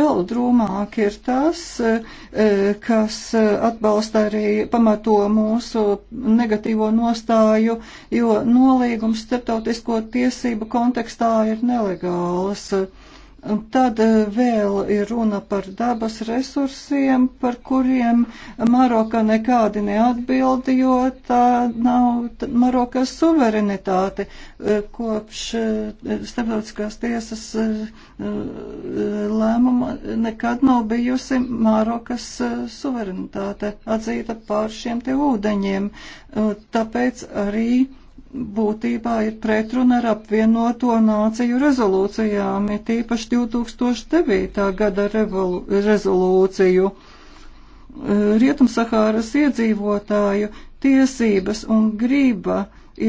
Vēl drūmāk ir tas, kas atbalsta arī pamato mūsu negatīvo nostāju, jo nolīgums starptautisko tiesību kontekstā ir nelegāls. Un tad eh, vēl ir runa par dabas resursiem, par kuriem Maroka nekādi neatbildi, jo tā nav Marokas suverenitāte. Eh, kopš eh, starptautiskās tiesas lēmuma nekad nav bijusi Marokas suverenitāte atzīta pār šiem te ūdeņiem. Tāpēc arī būtībā ir pretruna ar apvienoto nāciju rezolūcijām, ir tīpaši 2009. gada rezolūciju. E, Rietumsahāras iedzīvotāju tiesības un grība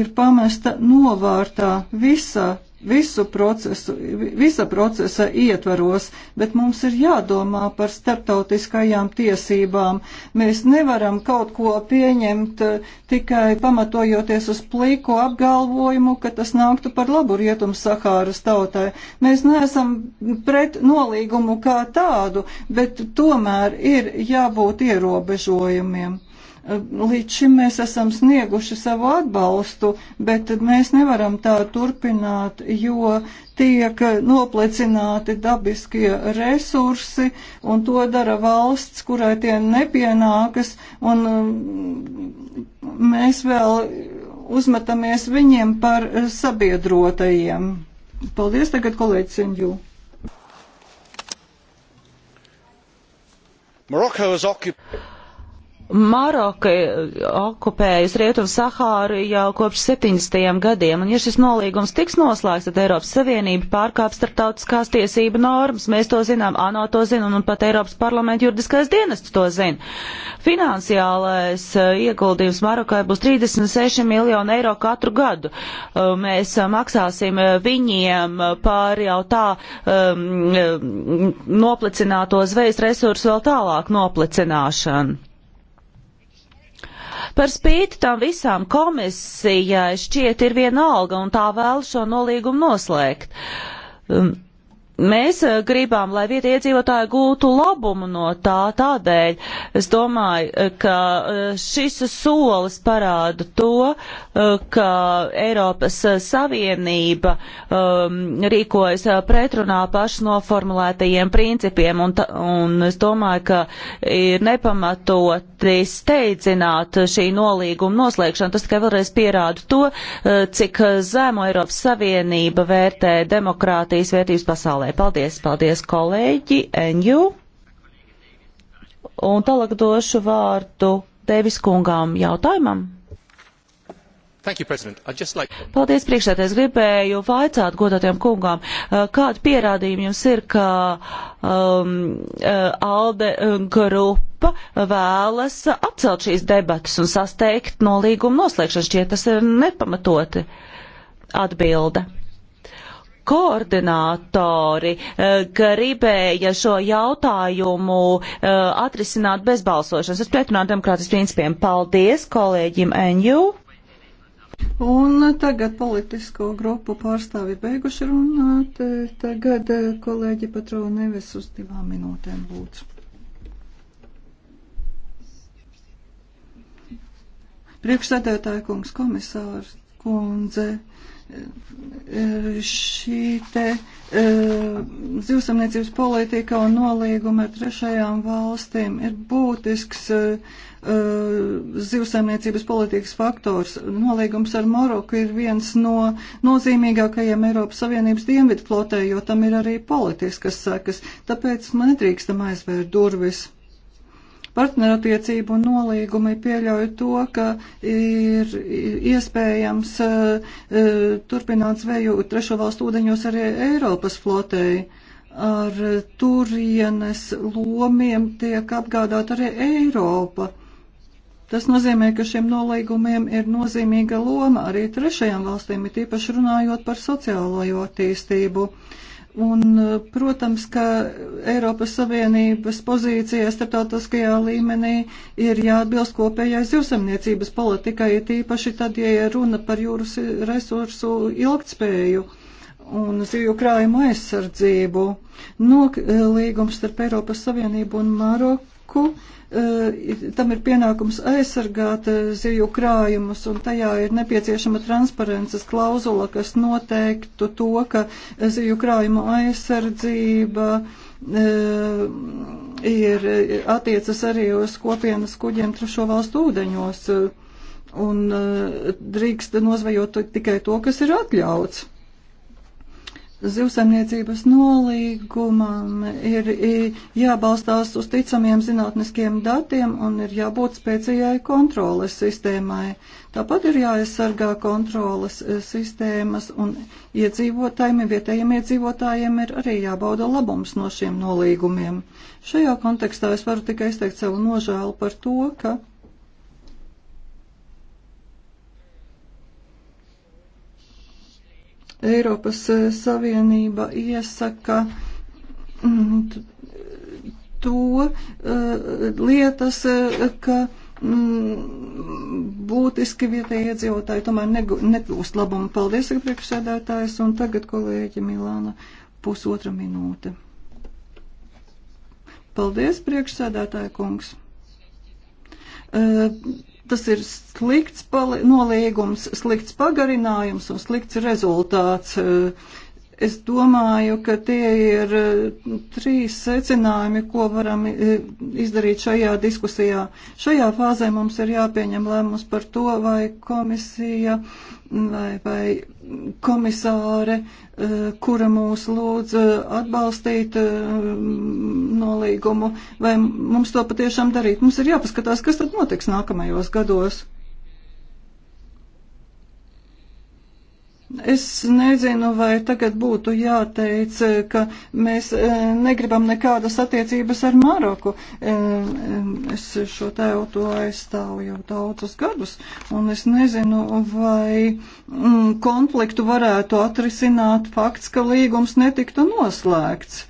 ir pamesta novārtā visā visu procesu, visa procesa ietvaros, bet mums ir jādomā par starptautiskajām tiesībām. Mēs nevaram kaut ko pieņemt eh, tikai pamatojoties uz plīko apgalvojumu, ka tas nāktu par labu rietumu Sahāras tautai. Mēs neesam pret nolīgumu kā tādu, bet tomēr ir jābūt ierobežojumiem. Nu, līdz šim mēs esam snieguši savu atbalstu, bet mēs nevaram tā turpināt, jo tiek noplecināti dabiskie resursi, un to dara valsts, kurai tie nepienākas, un mm, mēs vēl uzmetamies viņiem par sabiedrotajiem. Paldies tagad kolēģi Senģū. Morocco has occupied Maroka okupējusi Rietuvu Sahāru jau kopš 70. gadiem, un ja šis nolīgums tiks noslēgts, tad Eiropas Savienība pārkāps starptautiskās tiesība normas. Mēs to zinām, ANO to zina, un pat Eiropas parlamenta juridiskais dienests to zina. Finansiālais eh, ieguldījums Marokai būs 36 miljoni eiro katru gadu. Eh, mēs eh, maksāsim viņiem par jau tā um, noplicināto zvejas resursu vēl tālāk noplicināšanu. Par spīti tam visām komisijai šķiet ir viena alga un tā vēl šo nolīgumu noslēgt. Um, Mēs eh, gribam, lai vietie iedzīvotāji gūtu labumu no tā, tādēļ es domāju, eh, ka eh, šis solis parāda to, ka Eiropas Savienība um, rīkojas pretrunā pašnoformulētajiem principiem, un, ta, un es domāju, ka ir nepamatoti steidzināt šī nolīguma noslēgšanu. Tas tikai vēlreiz pierāda to, cik zemu Eiropas Savienība vērtē demokrātijas vērtības pasaulē padomē. Paldies, paldies kolēģi Enju. Un tālāk došu vārdu Devis kungām jautājumam. You, like... Paldies, priekšsēdē. Es gribēju vaicāt godātiem kungām, kādu pierādījumu jums ir, ka um, ALDE grupa vēlas atcelt šīs debatas un sasteigt no līguma noslēgšanas, šķiet tas ir nepamatoti atbilde koordinātori eh, gribēja šo jautājumu eh, atrisināt bez balsošanas. Es pretrunā demokrātas principiem. Paldies kolēģim Enju. Un tagad politisko grupu pārstāvi beiguši runāt. Tagad eh, kolēģi Patrona Neves uz divām minūtēm lūdzu. Priekšsēdētāja kungs komisārs kundze šī te e, zivsamniecības politika un nolīguma ar trešajām valstīm ir būtisks e, e, zivsaimniecības politikas faktors. Nolīgums ar Maroku ir viens no nozīmīgākajiem Eiropas Savienības dienvidu flotē, jo tam ir arī politiskas sekas, tāpēc nedrīkstam aizvērt durvis. Partnerattiecību nolīgumi pieļauj to, ka ir iespējams eh, eh, turpināt zveju trešo valstu ūdeņos arī Eiropas flotei ar turienes lomiem tiek apgādāta arī Eiropa. Tas nozīmē, ka šiem nolīgumiem ir nozīmīga loma arī trešajām valstīm, it īpaši runājot par sociālo attīstību. Uh, Un, eh, protams, ka Eiropas Savienības pozīcija starptautiskajā līmenī ir jāatbilst kopējai zivsamniecības politikai, tīpaši tad, ja runa par jūras resursu ilgtspēju un zivju krājumu aizsardzību. Nok līgums starp Eiropas Savienību un Maroku Eh, tam ir pienākums aizsargāt eh, zivju krājumus, un tajā ir nepieciešama transparences klauzula, kas noteiktu to, ka zivju krājumu aizsardzība eh, ir attiecas arī uz kopienas kuģiem trešo valstu ūdeņos, un drīkst nozvejot tikai to, kas ir atļauts zivsaimniecības nolīgumam ir jābalstās uz ticamiem zinātniskiem datiem un ir jābūt spēcīgai kontroles sistēmai. Tāpat ir jāaizsargā kontroles e, sistēmas un iedzīvotājiem, vietējiem iedzīvotājiem ir arī jābauda labums no šiem nolīgumiem. Šajā kontekstā es varu tikai izteikt savu nožēlu par to, ka Eiropas eh, Savienība iesaka mm, to eh, lietas, eh, ka mm, būtiski vietējie iedzīvotāji tomēr nekļūst labumu. Paldies, priekšsēdētājs, un tagad kolēģi Milāna pusotra minūte. Paldies, priekšsēdētāja kungs tas ir slikts nolīgums, slikts pagarinājums un slikts rezultāts. Uh, Es domāju, ka tie ir e, trīs secinājumi, ko varam e, izdarīt šajā diskusijā. Šajā fāzē mums ir jāpieņem lēmums par to, vai komisija vai, vai komisāre, e, kura mūs lūdz atbalstīt nolīgumu, vai mums to patiešām darīt. Mums ir jāpaskatās, kas tad notiks nākamajos gados. Es nezinu, vai tagad būtu jāteic, ka mēs e, negribam nekādas attiecības ar Maroku. E, es šo tautu aizstāvu jau daudzus gadus, un es nezinu, vai mm, konfliktu varētu atrisināt fakts, ka līgums netiktu noslēgts.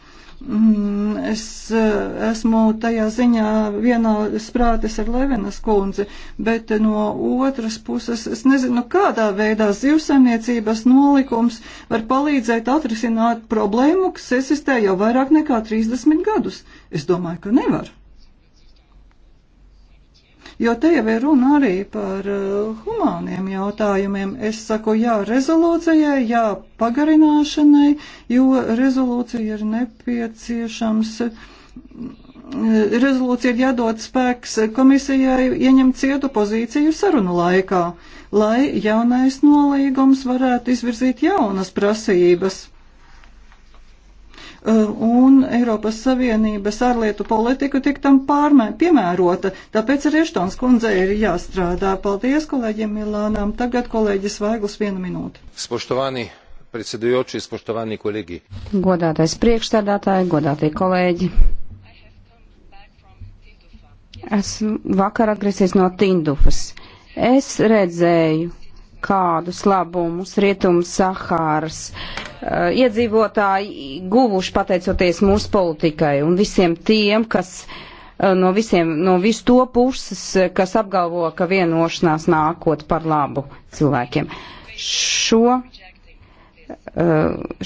Mm, es eh, esmu tajā ziņā vienā sprātes ar Levenas kundzi, bet no otras puses es nezinu, kādā veidā zivsaimniecības nolikums var palīdzēt atrisināt problēmu, kas eksistē jau vairāk nekā 30 gadus. Es domāju, ka nevar jo te jau ir runa arī par eh, humāniem jautājumiem. Es saku jā rezolūcijai, jā pagarināšanai, jo rezolūcija ir nepieciešams eh, rezolūcija ir jādod spēks komisijai ieņemt cietu pozīciju sarunu laikā, lai jaunais nolīgums varētu izvirzīt jaunas prasības. Eh, un Eiropas Savienības ārlietu politika tik tam pārmē, piemērota. Tāpēc arī Eštons kundze ir jāstrādā. Paldies kolēģiem Milānām. Tagad kolēģis Vaigls vienu minūti. Spoštovani, predsedujoči, spoštovani kolēģi. Godātais priekšstādātāji, godātie kolēģi. Esmu vakar atgriezies no Tindufas. Es redzēju kādus labumus Rietumu Sahāras uh, iedzīvotāji guvuši pateicoties mūsu politikai un visiem tiem, kas uh, no visiem, no visu to puses, eh, kas apgalvo, ka vienošanās nākot par labu cilvēkiem. Šo, uh,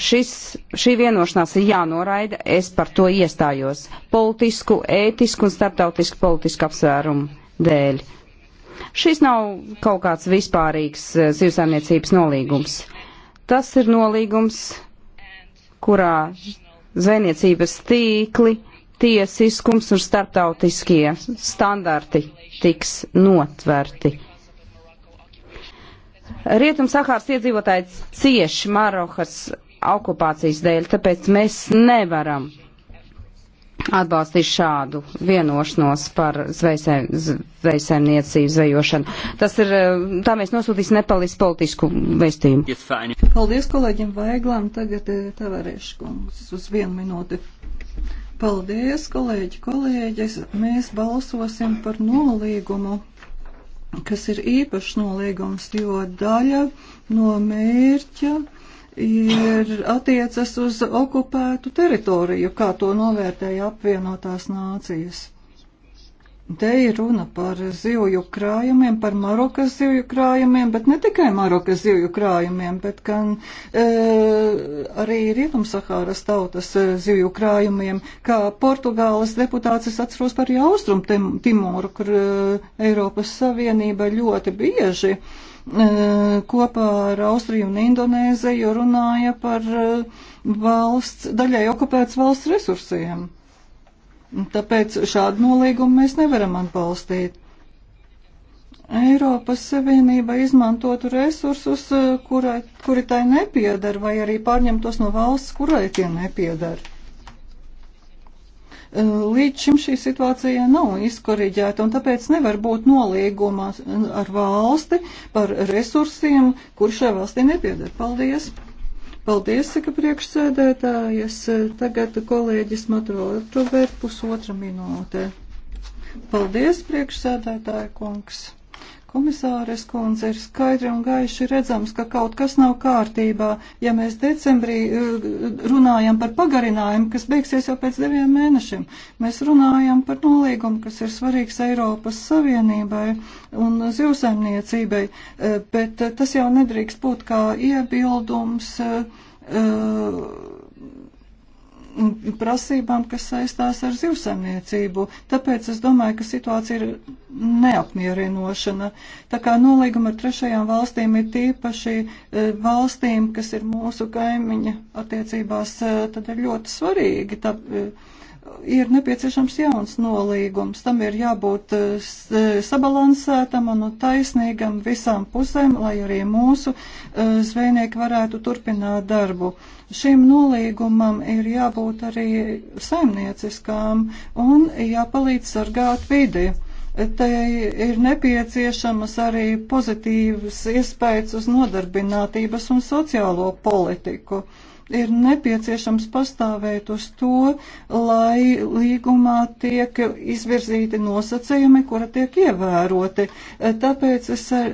šis, šī vienošanās ir jānoraida, es par to iestājos politisku, ētisku un starptautisku politisku apsvērumu dēļ. Šis nav kaut kāds vispārīgs eh, zivsaimniecības nolīgums. Tas ir nolīgums, kurā zvejniecības tīkli, tiesiskums un starptautiskie standarti tiks notverti. Rietum Sahāras iedzīvotāji cieši Marokas okupācijas dēļ, tāpēc mēs nevaram atbalstīs šādu vienošanos par zvejsaimniecību zvejošanu. Tas ir, eh, tā mēs nosūtīsim nepalīdz politisku vēstījumu. Paldies kolēģim Vaiglam, tagad eh, tavarēšu kungs uz vienu minūti. Paldies, kolēģi, kolēģis, mēs balsosim par nolīgumu kas ir īpašs nolīgums, jo daļa no mērķa ir attiecas uz okupētu teritoriju, kā to novērtēja apvienotās nācijas. Te ir runa par zivju krājumiem, par Marokas zivju krājumiem, bet ne tikai Marokas zivju krājumiem, bet gan e, arī Rietumsahāras tautas e, zivju krājumiem, kā Portugāles deputāts es atceros par Austrum Timoru, kur e, Eiropas Savienība ļoti bieži e, E, kopā ar Austriju un Indonēziju runāja par e, valsts, daļai okupēts valsts resursiem. Tāpēc šādu nolīgumu mēs nevaram atbalstīt. Eiropas Savienība izmantotu resursus, e, kurai, kuri tai nepiedar, vai arī pārņemtos no valsts, kurai tie nepiedara. Eh, līdz šim šī situācija nav izkoriģēta, un tāpēc nevar būt nolīguma ar valsti par resursiem, kur šai valstī nepieder. Paldies! Paldies, saka priekšsēdētājas. Eh, tagad kolēģis Matro Artrovēt pusotra minūte. Paldies, priekšsēdētāja kungs! Komisāres kundze ir skaidri un gaiši redzams, ka kaut kas nav kārtībā. Ja mēs decembrī eh, runājam par pagarinājumu, kas beigsies jau pēc deviem mēnešiem, mēs runājam par nolīgumu, kas ir svarīgs Eiropas Savienībai un zivsaimniecībai, eh, bet eh, tas jau nedrīkst būt kā iebildums. Uh, prasībām, kas saistās ar zivsaimniecību. Tāpēc es domāju, ka situācija ir neapmierinošana. Tā kā nolīguma ar trešajām valstīm ir tīpaši e, valstīm, kas ir mūsu kaimiņa attiecībās, e, tad ir ļoti svarīgi. Tā, e, ir nepieciešams jauns nolīgums. Tam ir jābūt eh, eh, sabalansētam un taisnīgam visām pusēm, lai arī mūsu eh, zvejnieki varētu turpināt darbu. Šim nolīgumam ir jābūt arī saimnieciskām un jāpalīdz sargāt vidi. Te ir nepieciešamas arī pozitīvas iespējas uz nodarbinātības un sociālo politiku. Uh, ir nepieciešams pastāvēt uz to, lai līgumā tiek izvirzīti nosacījumi, kura tiek ievēroti. Tāpēc es eh,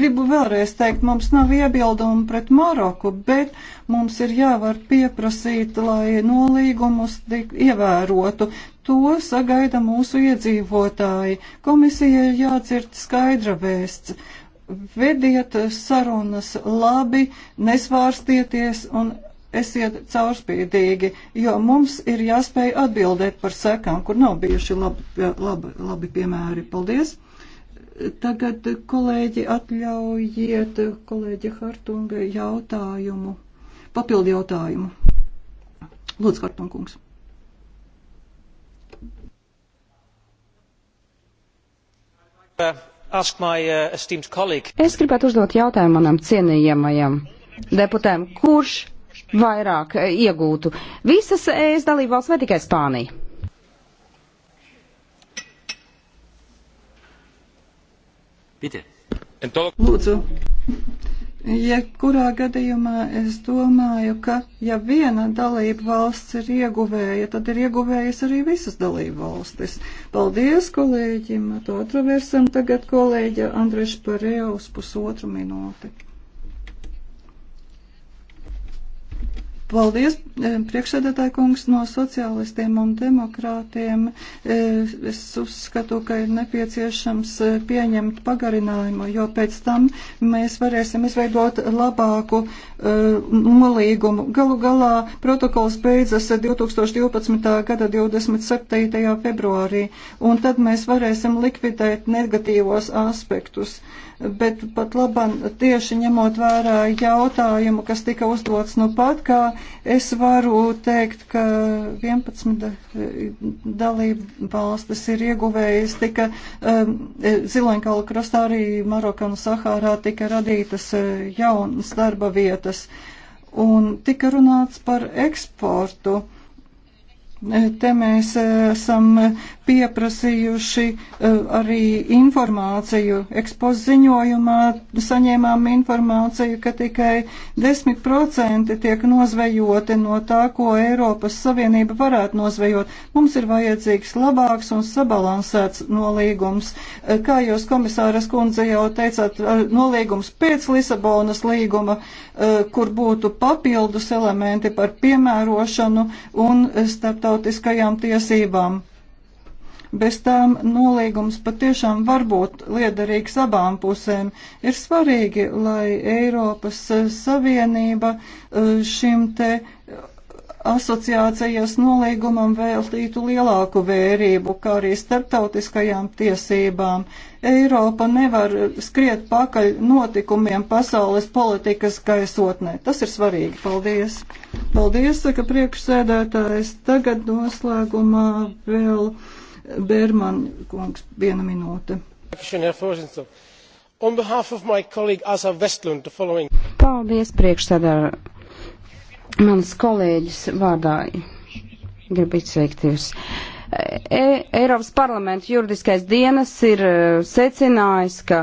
gribu vēlreiz teikt, mums nav iebildumu pret Maroku, bet mums ir jāvar pieprasīt, lai nolīgumus tik ievērotu. To sagaida mūsu iedzīvotāji. Komisijai jādzird skaidra vēsts vediet sarunas labi, nesvārstieties un esiet caurspīdīgi, jo mums ir jāspēj atbildēt par sekām, kur nav bijuši labi, labi, labi piemēri. Paldies! Tagad kolēģi atļaujiet kolēģi Hartunga jautājumu, papildu jautājumu. Lūdzu, Hartungs. Uh, es gribētu uzdot jautājumu manam cienījamajam deputēm, kurš vairāk eh, iegūtu? Visas ES dalībvalsts vai tikai Spānija? Lūdzu. Jebkurā ja gadījumā es domāju, ka ja viena dalība valsts ir ieguvēja, tad ir ieguvējas arī visas dalība valstis. Paldies kolēģim, to atraversam tagad kolēģa Andreša Pareus pusotru minūti. Paldies, e, priekšsēdētāji kungs no sociālistiem un demokrātiem. E, es uzskatu, ka ir nepieciešams e, pieņemt pagarinājumu, jo pēc tam mēs varēsim izveidot labāku nolīgumu. Galu galā protokols beidzas 2012. gada 27. februārī, un tad mēs varēsim likvidēt negatīvos aspektus. Uh, bet pat labam tieši ņemot vērā jautājumu, kas tika uzdots nu pat, kā es varu teikt, ka 11 dalību valstis ir ieguvējis, tika um, Ziloņkala krastā arī Marokā un Sahārā tika radītas uh, jaunas darba vietas. Un tika runāts par eksportu. Te mēs uh, esam pieprasījuši eh, arī informāciju. Ekspoziņojumā saņēmām informāciju, ka tikai 10% tiek nozvejoti no tā, ko Eiropas Savienība varētu nozvejot. Mums ir vajadzīgs labāks un sabalansēts nolīgums. Eh, kā jūs, komisāras kundze, jau teicāt, eh, nolīgums pēc Lisabonas līguma, kur būtu papildus elementi par piemērošanu un starptautiskajām tiesībām. Bez tām nolīgums patiešām var būt liederīgs abām pusēm. Ir svarīgi, lai Eiropas eh, Savienība eh, šim te eh, asociācijas nolīgumam veltītu lielāku vērību, kā arī starptautiskajām tiesībām. Eiropa nevar skriet pakaļ notikumiem pasaules politikas gaisotnē. Tas ir svarīgi. Paldies! Paldies, saka priekšsēdētājs. Tagad noslēgumā vēl. Berman kungs, viena minūte. Paldies priekšsēdā manas kolēģis vārdā. Gribu izsveikt jūs. E Eiropas parlamenta juridiskais dienas ir e, secinājis, ka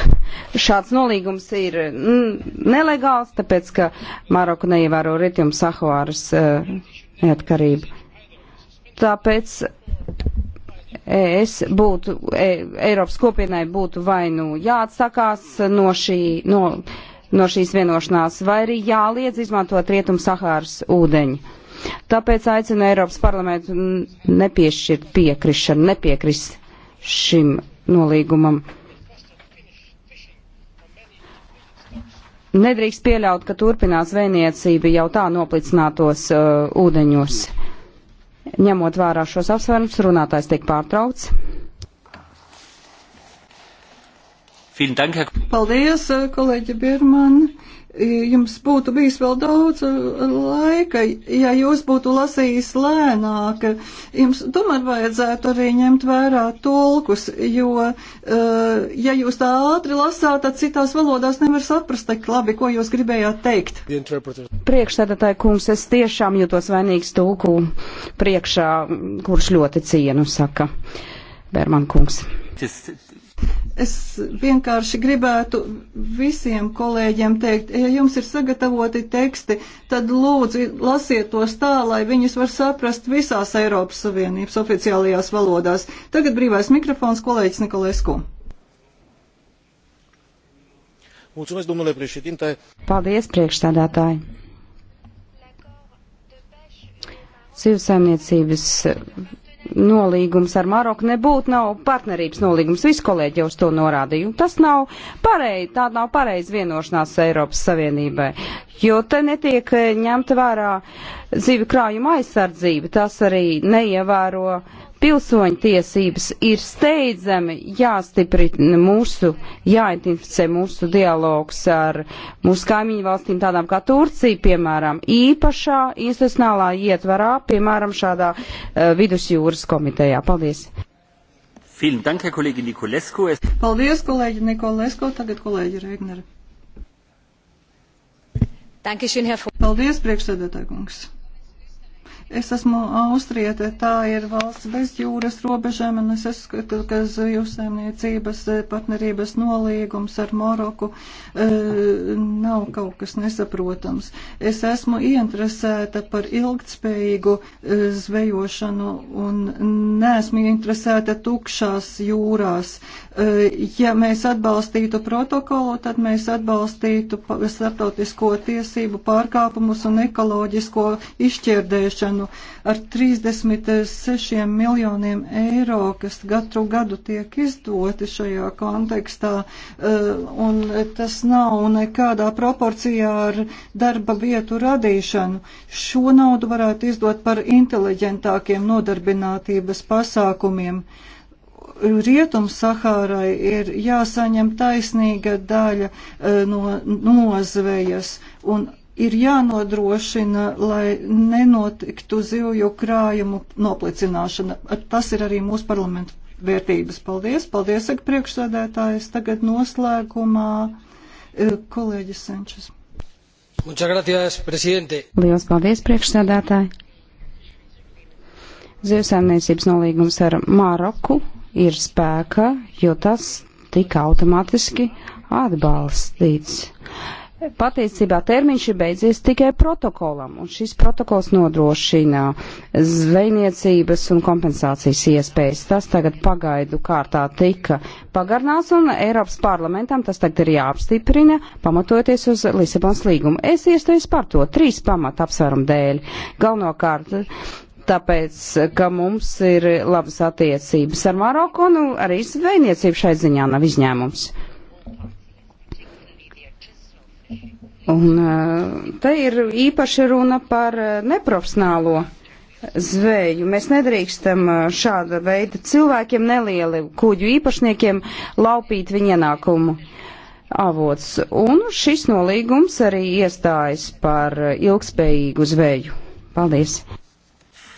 šāds nolīgums ir nelegāls, tāpēc ka Maroku neievēro Rietumu Sahuāras e, neatkarību. Uh, tāpēc es būtu, e, Eiropas kopienai būtu vai nu jāatsakās no, šī, no, no šīs vienošanās, vai arī jāliedz izmantot rietumu Sahāras ūdeņu. Tāpēc aicinu Eiropas parlamentu nepiešķirt piekrišanu, nepiekrist šim nolīgumam. Nedrīkst pieļaut, ka turpinās vēniecība jau tā noplicinātos uh, ūdeņos. Uh, Ņemot vērā šos apsvērums, runātājs tiek pārtraukts. Paldies, kolēģi Birmani jums būtu bijis vēl daudz uh, laika, ja jūs būtu lasījis lēnāk. Jums tomēr vajadzētu arī ņemt vērā tulkus, jo, uh, ja jūs tā ātri lasāt, tad citās valodās nevar saprast, tik labi, ko jūs gribējāt teikt. Priekšsēdētāji kungs, es tiešām jūtos vainīgs tulku priekšā, kurš ļoti cienu, saka Berman kungs. Just Es vienkārši gribētu visiem kolēģiem teikt, ja jums ir sagatavoti teksti, tad lūdzu lasiet tos tā, lai viņus var saprast visās Eiropas Savienības oficiālajās valodās. Tagad brīvais mikrofons kolēģis Nikolēsku. Paldies, priekšstādātāji! Sīvsaimniecības nolīgums ar Maroku nebūtu nav partnerības nolīgums. Visi kolēģi jau uz to norādīja. Tas nav pareizi, tā nav pareizi vienošanās Eiropas Savienībai, jo te netiek eh, ņemta vērā dzīvi krājuma aizsardzība. Tas arī neievēro Pilsoņu tiesības ir steidzami jāstiprina mūsu, jāintificē mūsu dialogs ar mūsu kaimiņu valstīm tādām kā Turcija, piemēram, īpašā institucionālā ietvarā, piemēram, šādā uh, vidusjūras komitejā. Paldies! Paldies, kolēģi Nikolesko. Tagad kolēģi Regneri. Paldies, priekšsēdētāj kungs. Es esmu austriete, tā ir valsts bez jūras robežām, un es uzskatu, ka zivsaimniecības eh, partnerības nolīgums ar Moroku e, eh, nav kaut kas nesaprotams. Es esmu ieinteresēta par ilgtspējīgu e, zvejošanu un neesmu interesēta tukšās jūrās. E, ja mēs atbalstītu protokolu, tad mēs atbalstītu starptautisko tiesību pārkāpumus un ekoloģisko izšķirdēšanu apkarošanu ar 36 miljoniem eiro, kas katru gadu tiek izdoti šajā kontekstā, eh, un tas nav nekādā proporcijā ar darba vietu radīšanu. Šo naudu varētu izdot par inteliģentākiem nodarbinātības pasākumiem. Rietum-Sahārai ir jāsaņem taisnīga daļa eh, no nozvejas, un ir jānodrošina, lai nenotiktu zivju krājumu noplicināšana. Tas ir arī mūsu parlamentu vērtības. Paldies, paldies, saka priekšsēdētājs. Tagad noslēgumā e, kolēģis Senčes. Lielas paldies, priekšsēdētāji. Zivsēmniecības nolīgums ar Maroku ir spēka, jo tas tika automātiski atbalstīts Patiesībā termiņš ir beidzies tikai protokolam, un šis protokols nodrošina zvejniecības un kompensācijas iespējas. Tas tagad pagaidu kārtā tika pagarnāts, un Eiropas parlamentam tas tagad ir jāapstiprina, pamatoties uz Lisabons līgumu. Es iestājos par to trīs pamata apsvērumu dēļ. Galvenokārt tāpēc, ka mums ir labas attiecības ar Maroku, un nu, arī zvejniecība šai ziņā nav izņēmums. Un uh, te ir īpaši runa par uh, neprofesionālo zvēju. Mēs nedrīkstam uh, šāda veida cilvēkiem nelieli kuģu īpašniekiem laupīt viņu ienākumu avots. Un šis nolīgums arī iestājas par ilgspējīgu zvēju. Paldies!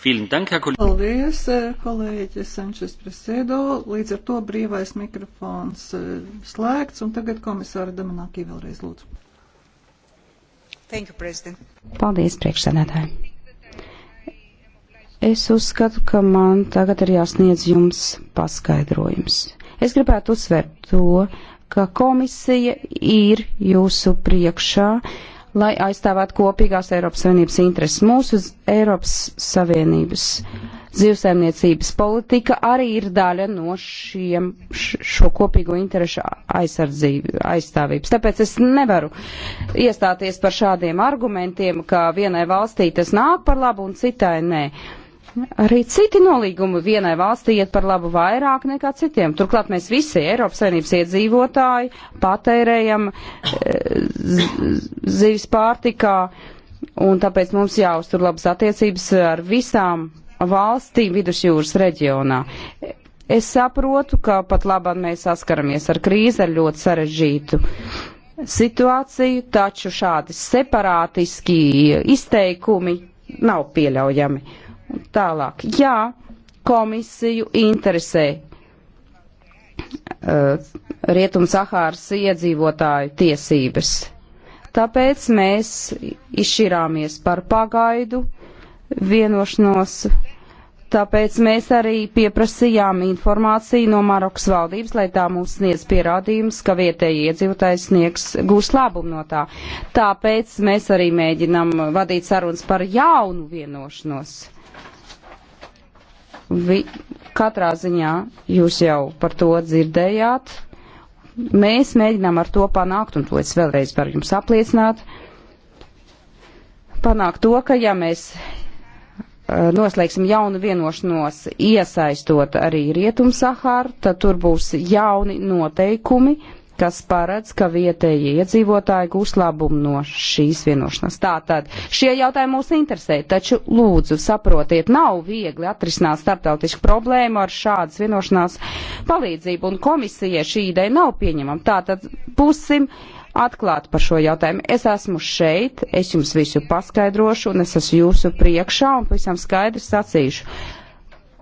Paldies, kolēģi Sančes Presēdo. Līdz ar to brīvais mikrofons slēgts, un tagad komisāra Damanākī vēlreiz lūdzu. You, Paldies, priekšsēdētāji. Es uzskatu, ka man tagad ir jāsniedz jums paskaidrojums. Es gribētu uzsvērt to, ka komisija ir jūsu priekšā, lai aizstāvētu kopīgās Eiropas Savienības intereses, mūsu Eiropas Savienības. Mm -hmm zivsaimniecības politika arī ir daļa no šiem, šo kopīgo interešu aizstāvības. Tāpēc es nevaru iestāties par šādiem argumentiem, ka vienai valstī tas nāk par labu un citai nē. Arī citi nolīgumi vienai valstī iet par labu vairāk nekā citiem. Turklāt mēs visi Eiropas Savienības iedzīvotāji patērējam eh, zivs pārtikā, un tāpēc mums jāuztur labas attiecības ar visām valstīm vidusjūras reģionā. Es saprotu, ka pat labāk mēs saskaramies ar krīzi, ar ļoti sarežģītu situāciju, taču šādi separātiski izteikumi nav pieļaujami. Tālāk, jā, komisiju interesē uh, Rietum-Sahāras iedzīvotāju tiesības. Tāpēc mēs izšķirāmies par pagaidu vienošanos Tāpēc mēs arī pieprasījām informāciju no Marokas valdības, lai tā mums sniedz pierādījumus, ka vietējie iedzīvotāji sniegs gūs labumu no tā. Tāpēc mēs arī mēģinām vadīt sarunas par jaunu vienošanos. Vi, katrā ziņā jūs jau par to dzirdējāt. Mēs mēģinām ar to panākt, un to es vēlreiz varu jums apliecināt, panākt to, ka ja mēs Eh, noslēgsim jaunu vienošanos, iesaistot arī Rietumsahāru, tad tur būs jauni noteikumi, kas paredz, ka vietējie iedzīvotāji gūs labumu no šīs vienošanās. Tātad šie jautājumi mūs interesē, taču lūdzu saprotiet, nav viegli atrisināt starptautisku problēmu ar šādas vienošanās palīdzību, un komisijai šī ideja nav pieņemama. Tātad būsim atklāti par šo jautājumu. Es esmu šeit, es jums visu paskaidrošu, un es esmu jūsu priekšā, un pavisam skaidri sacīšu.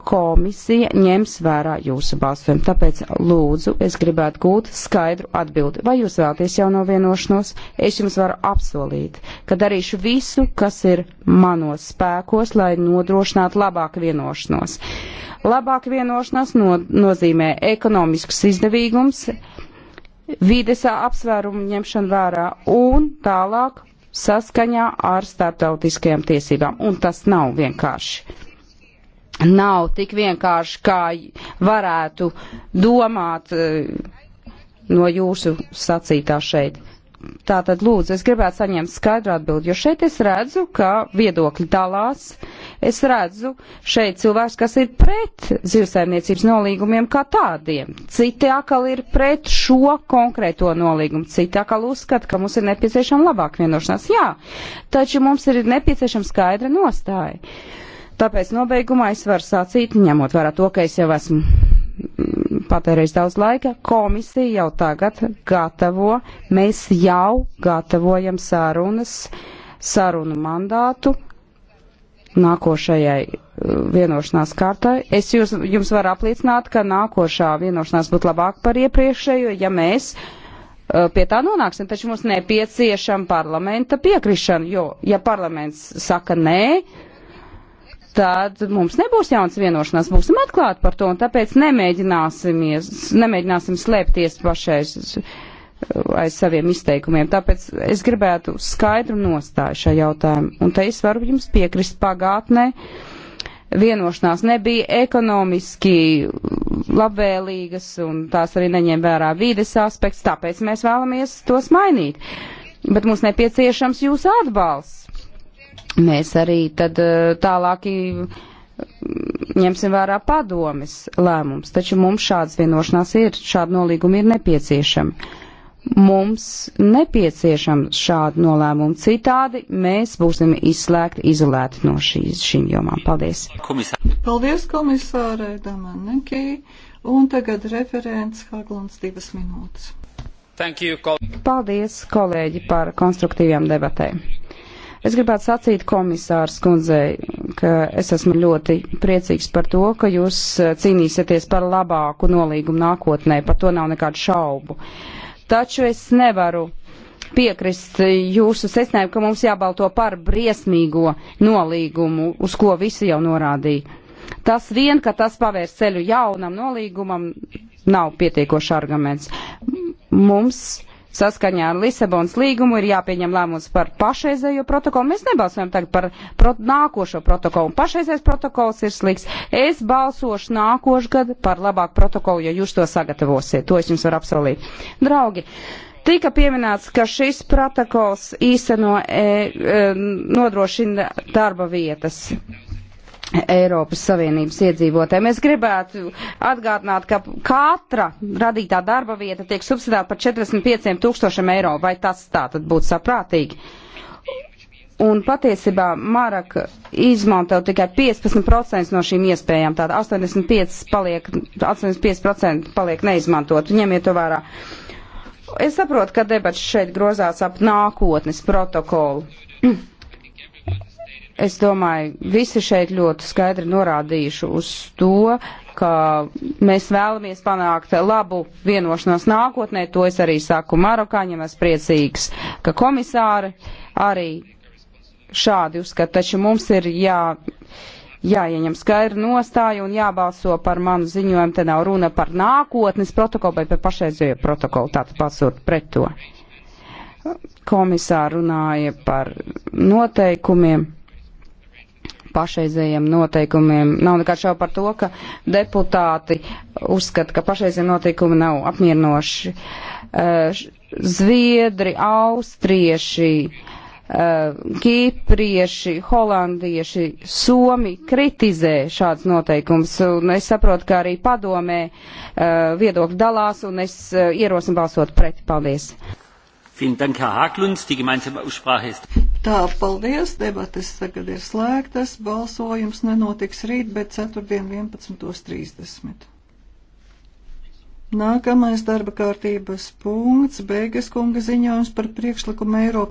Komisija ņems vērā jūsu balsojumu, tāpēc lūdzu, es gribētu gūt skaidru atbildi. Vai jūs vēlaties jauno vienošanos? Es jums varu apsolīt, ka darīšu visu, kas ir manos spēkos, lai nodrošinātu labāku vienošanos. Labāka vienošanās no, nozīmē ekonomiskus izdevīgums, vides apsvērumu ņemšanu vērā un tālāk saskaņā ar starptautiskajām tiesībām. Un tas nav vienkārši. Nav tik vienkārši, kā varētu domāt eh, no jūsu sacītā šeit. Tātad, lūdzu, es gribētu saņemt skaidru atbildi, jo šeit es redzu, ka viedokļi dalās. Es redzu šeit cilvēks, kas ir pret zivsaimniecības nolīgumiem kā tādiem. Citi akal ir pret šo konkrēto nolīgumu. Citi akal uzskata, ka mums ir nepieciešama labāk vienošanās. Jā, taču mums ir nepieciešama skaidra nostāja. Tāpēc nobeigumā es varu sacīt, ņemot vērā to, ka es jau esmu patērējis daudz laika. Komisija jau tagad gatavo, mēs jau gatavojam sarunas, sarunu mandātu nākošajai uh, vienošanās kārtai. Es jūs, jums varu apliecināt, ka nākošā vienošanās būtu labāka par iepriekšējo, ja mēs uh, pie tā nonāksim, taču mums nepieciešama parlamenta piekrišana, jo ja parlaments saka nē, tad mums nebūs jauns vienošanās, būsim atklāti par to, un tāpēc nemēģināsim slēpties pašais aiz saviem izteikumiem. Tāpēc es gribētu skaidru nostāju šajā jautājumā, un te es varu jums piekrist pagātnē. Vienošanās nebija ekonomiski labvēlīgas, un tās arī neņem vērā vīdes aspekts, tāpēc mēs vēlamies tos mainīt. Bet mums nepieciešams jūsu atbalsts mēs arī tad eh, tālāk mm, ņemsim vērā padomis lēmums, taču mums šāds vienošanās ir, šāda nolīguma ir nepieciešama. Mums nepieciešama šāda nolēmuma, citādi mēs būsim izslēgti, izolēti no šīs, šīm jomām. Paldies! Komisār. Paldies komisārai Damanekī, un tagad referents Haglunds divas minūtes. You, kol Paldies, kolēģi, par konstruktīvām debatēm. Es gribētu sacīt komisārs kundzei, ka es esmu ļoti priecīgs par to, ka jūs eh, cīnīsieties par labāku nolīgumu nākotnē, par to nav nekādu šaubu. Taču es nevaru piekrist jūsu secinājumu, ka mums jābalto par briesmīgo nolīgumu, uz ko visi jau norādīja. Tas vien, ka tas pavērs ceļu jaunam nolīgumam, nav pietiekošs arguments. Mums Saskaņā ar Lisabonas līgumu ir jāpieņem lēmums par pašreizējo protokolu. Mēs nebalsojam tagad par pro nākošo protokolu. Pašreizējais protokols ir slikts. Es balsošu nākošu gadu par labāku protokolu, ja jūs to sagatavosiet. To es jums varu apsolīt. Draugi, tika pieminēts, ka šis protokols īsteno e, e, nodrošina darba vietas. Eiropas Savienības iedzīvotājiem. Es gribētu atgādināt, ka katra radītā darba vieta tiek subsidēta par 45 tūkstošiem eiro, vai tas tā tad būtu saprātīgi? Un patiesībā Maraka izmanto tikai 15% no šīm iespējām, tātad 85% paliek, 85 paliek neizmantot, ņemiet to vērā. Es saprotu, ka debats šeit grozās ap nākotnes protokolu. es domāju, visi šeit ļoti skaidri norādījuši uz to, ka mēs vēlamies panākt labu vienošanos nākotnē. To es arī saku Marokāņiem. Es priecīgs, ka komisāri arī šādi uzskata. Taču mums ir jā, jāieņem skaidra nostāja un jābalso par manu ziņojumu. Te nav runa par nākotnes protokolu, bet par pašreizējo protokolu. Tātad balsot pret to. Komisāri runāja par noteikumiem pašreizējiem noteikumiem. Nav nekā šau par to, ka deputāti uzskata, ka pašreizējie noteikumi nav apmierinoši. Eh, Zviedri, austrieši, eh, kīprieši, holandieši, somi kritizē šāds noteikums. Un es saprotu, ka arī padomē eh, viedokļi dalās, un es ierosinu balsot pret. Paldies! Vielen Dank, Herr Haglund. Die gemeinsame Aussprache ist. Tā, paldies, debates tagad ir slēgtas, balsojums nenotiks rīt, bet ceturtdien 11.30. Nākamais darba kārtības punkts - beigas kunga ziņojums par priekšlikumu Eiropas.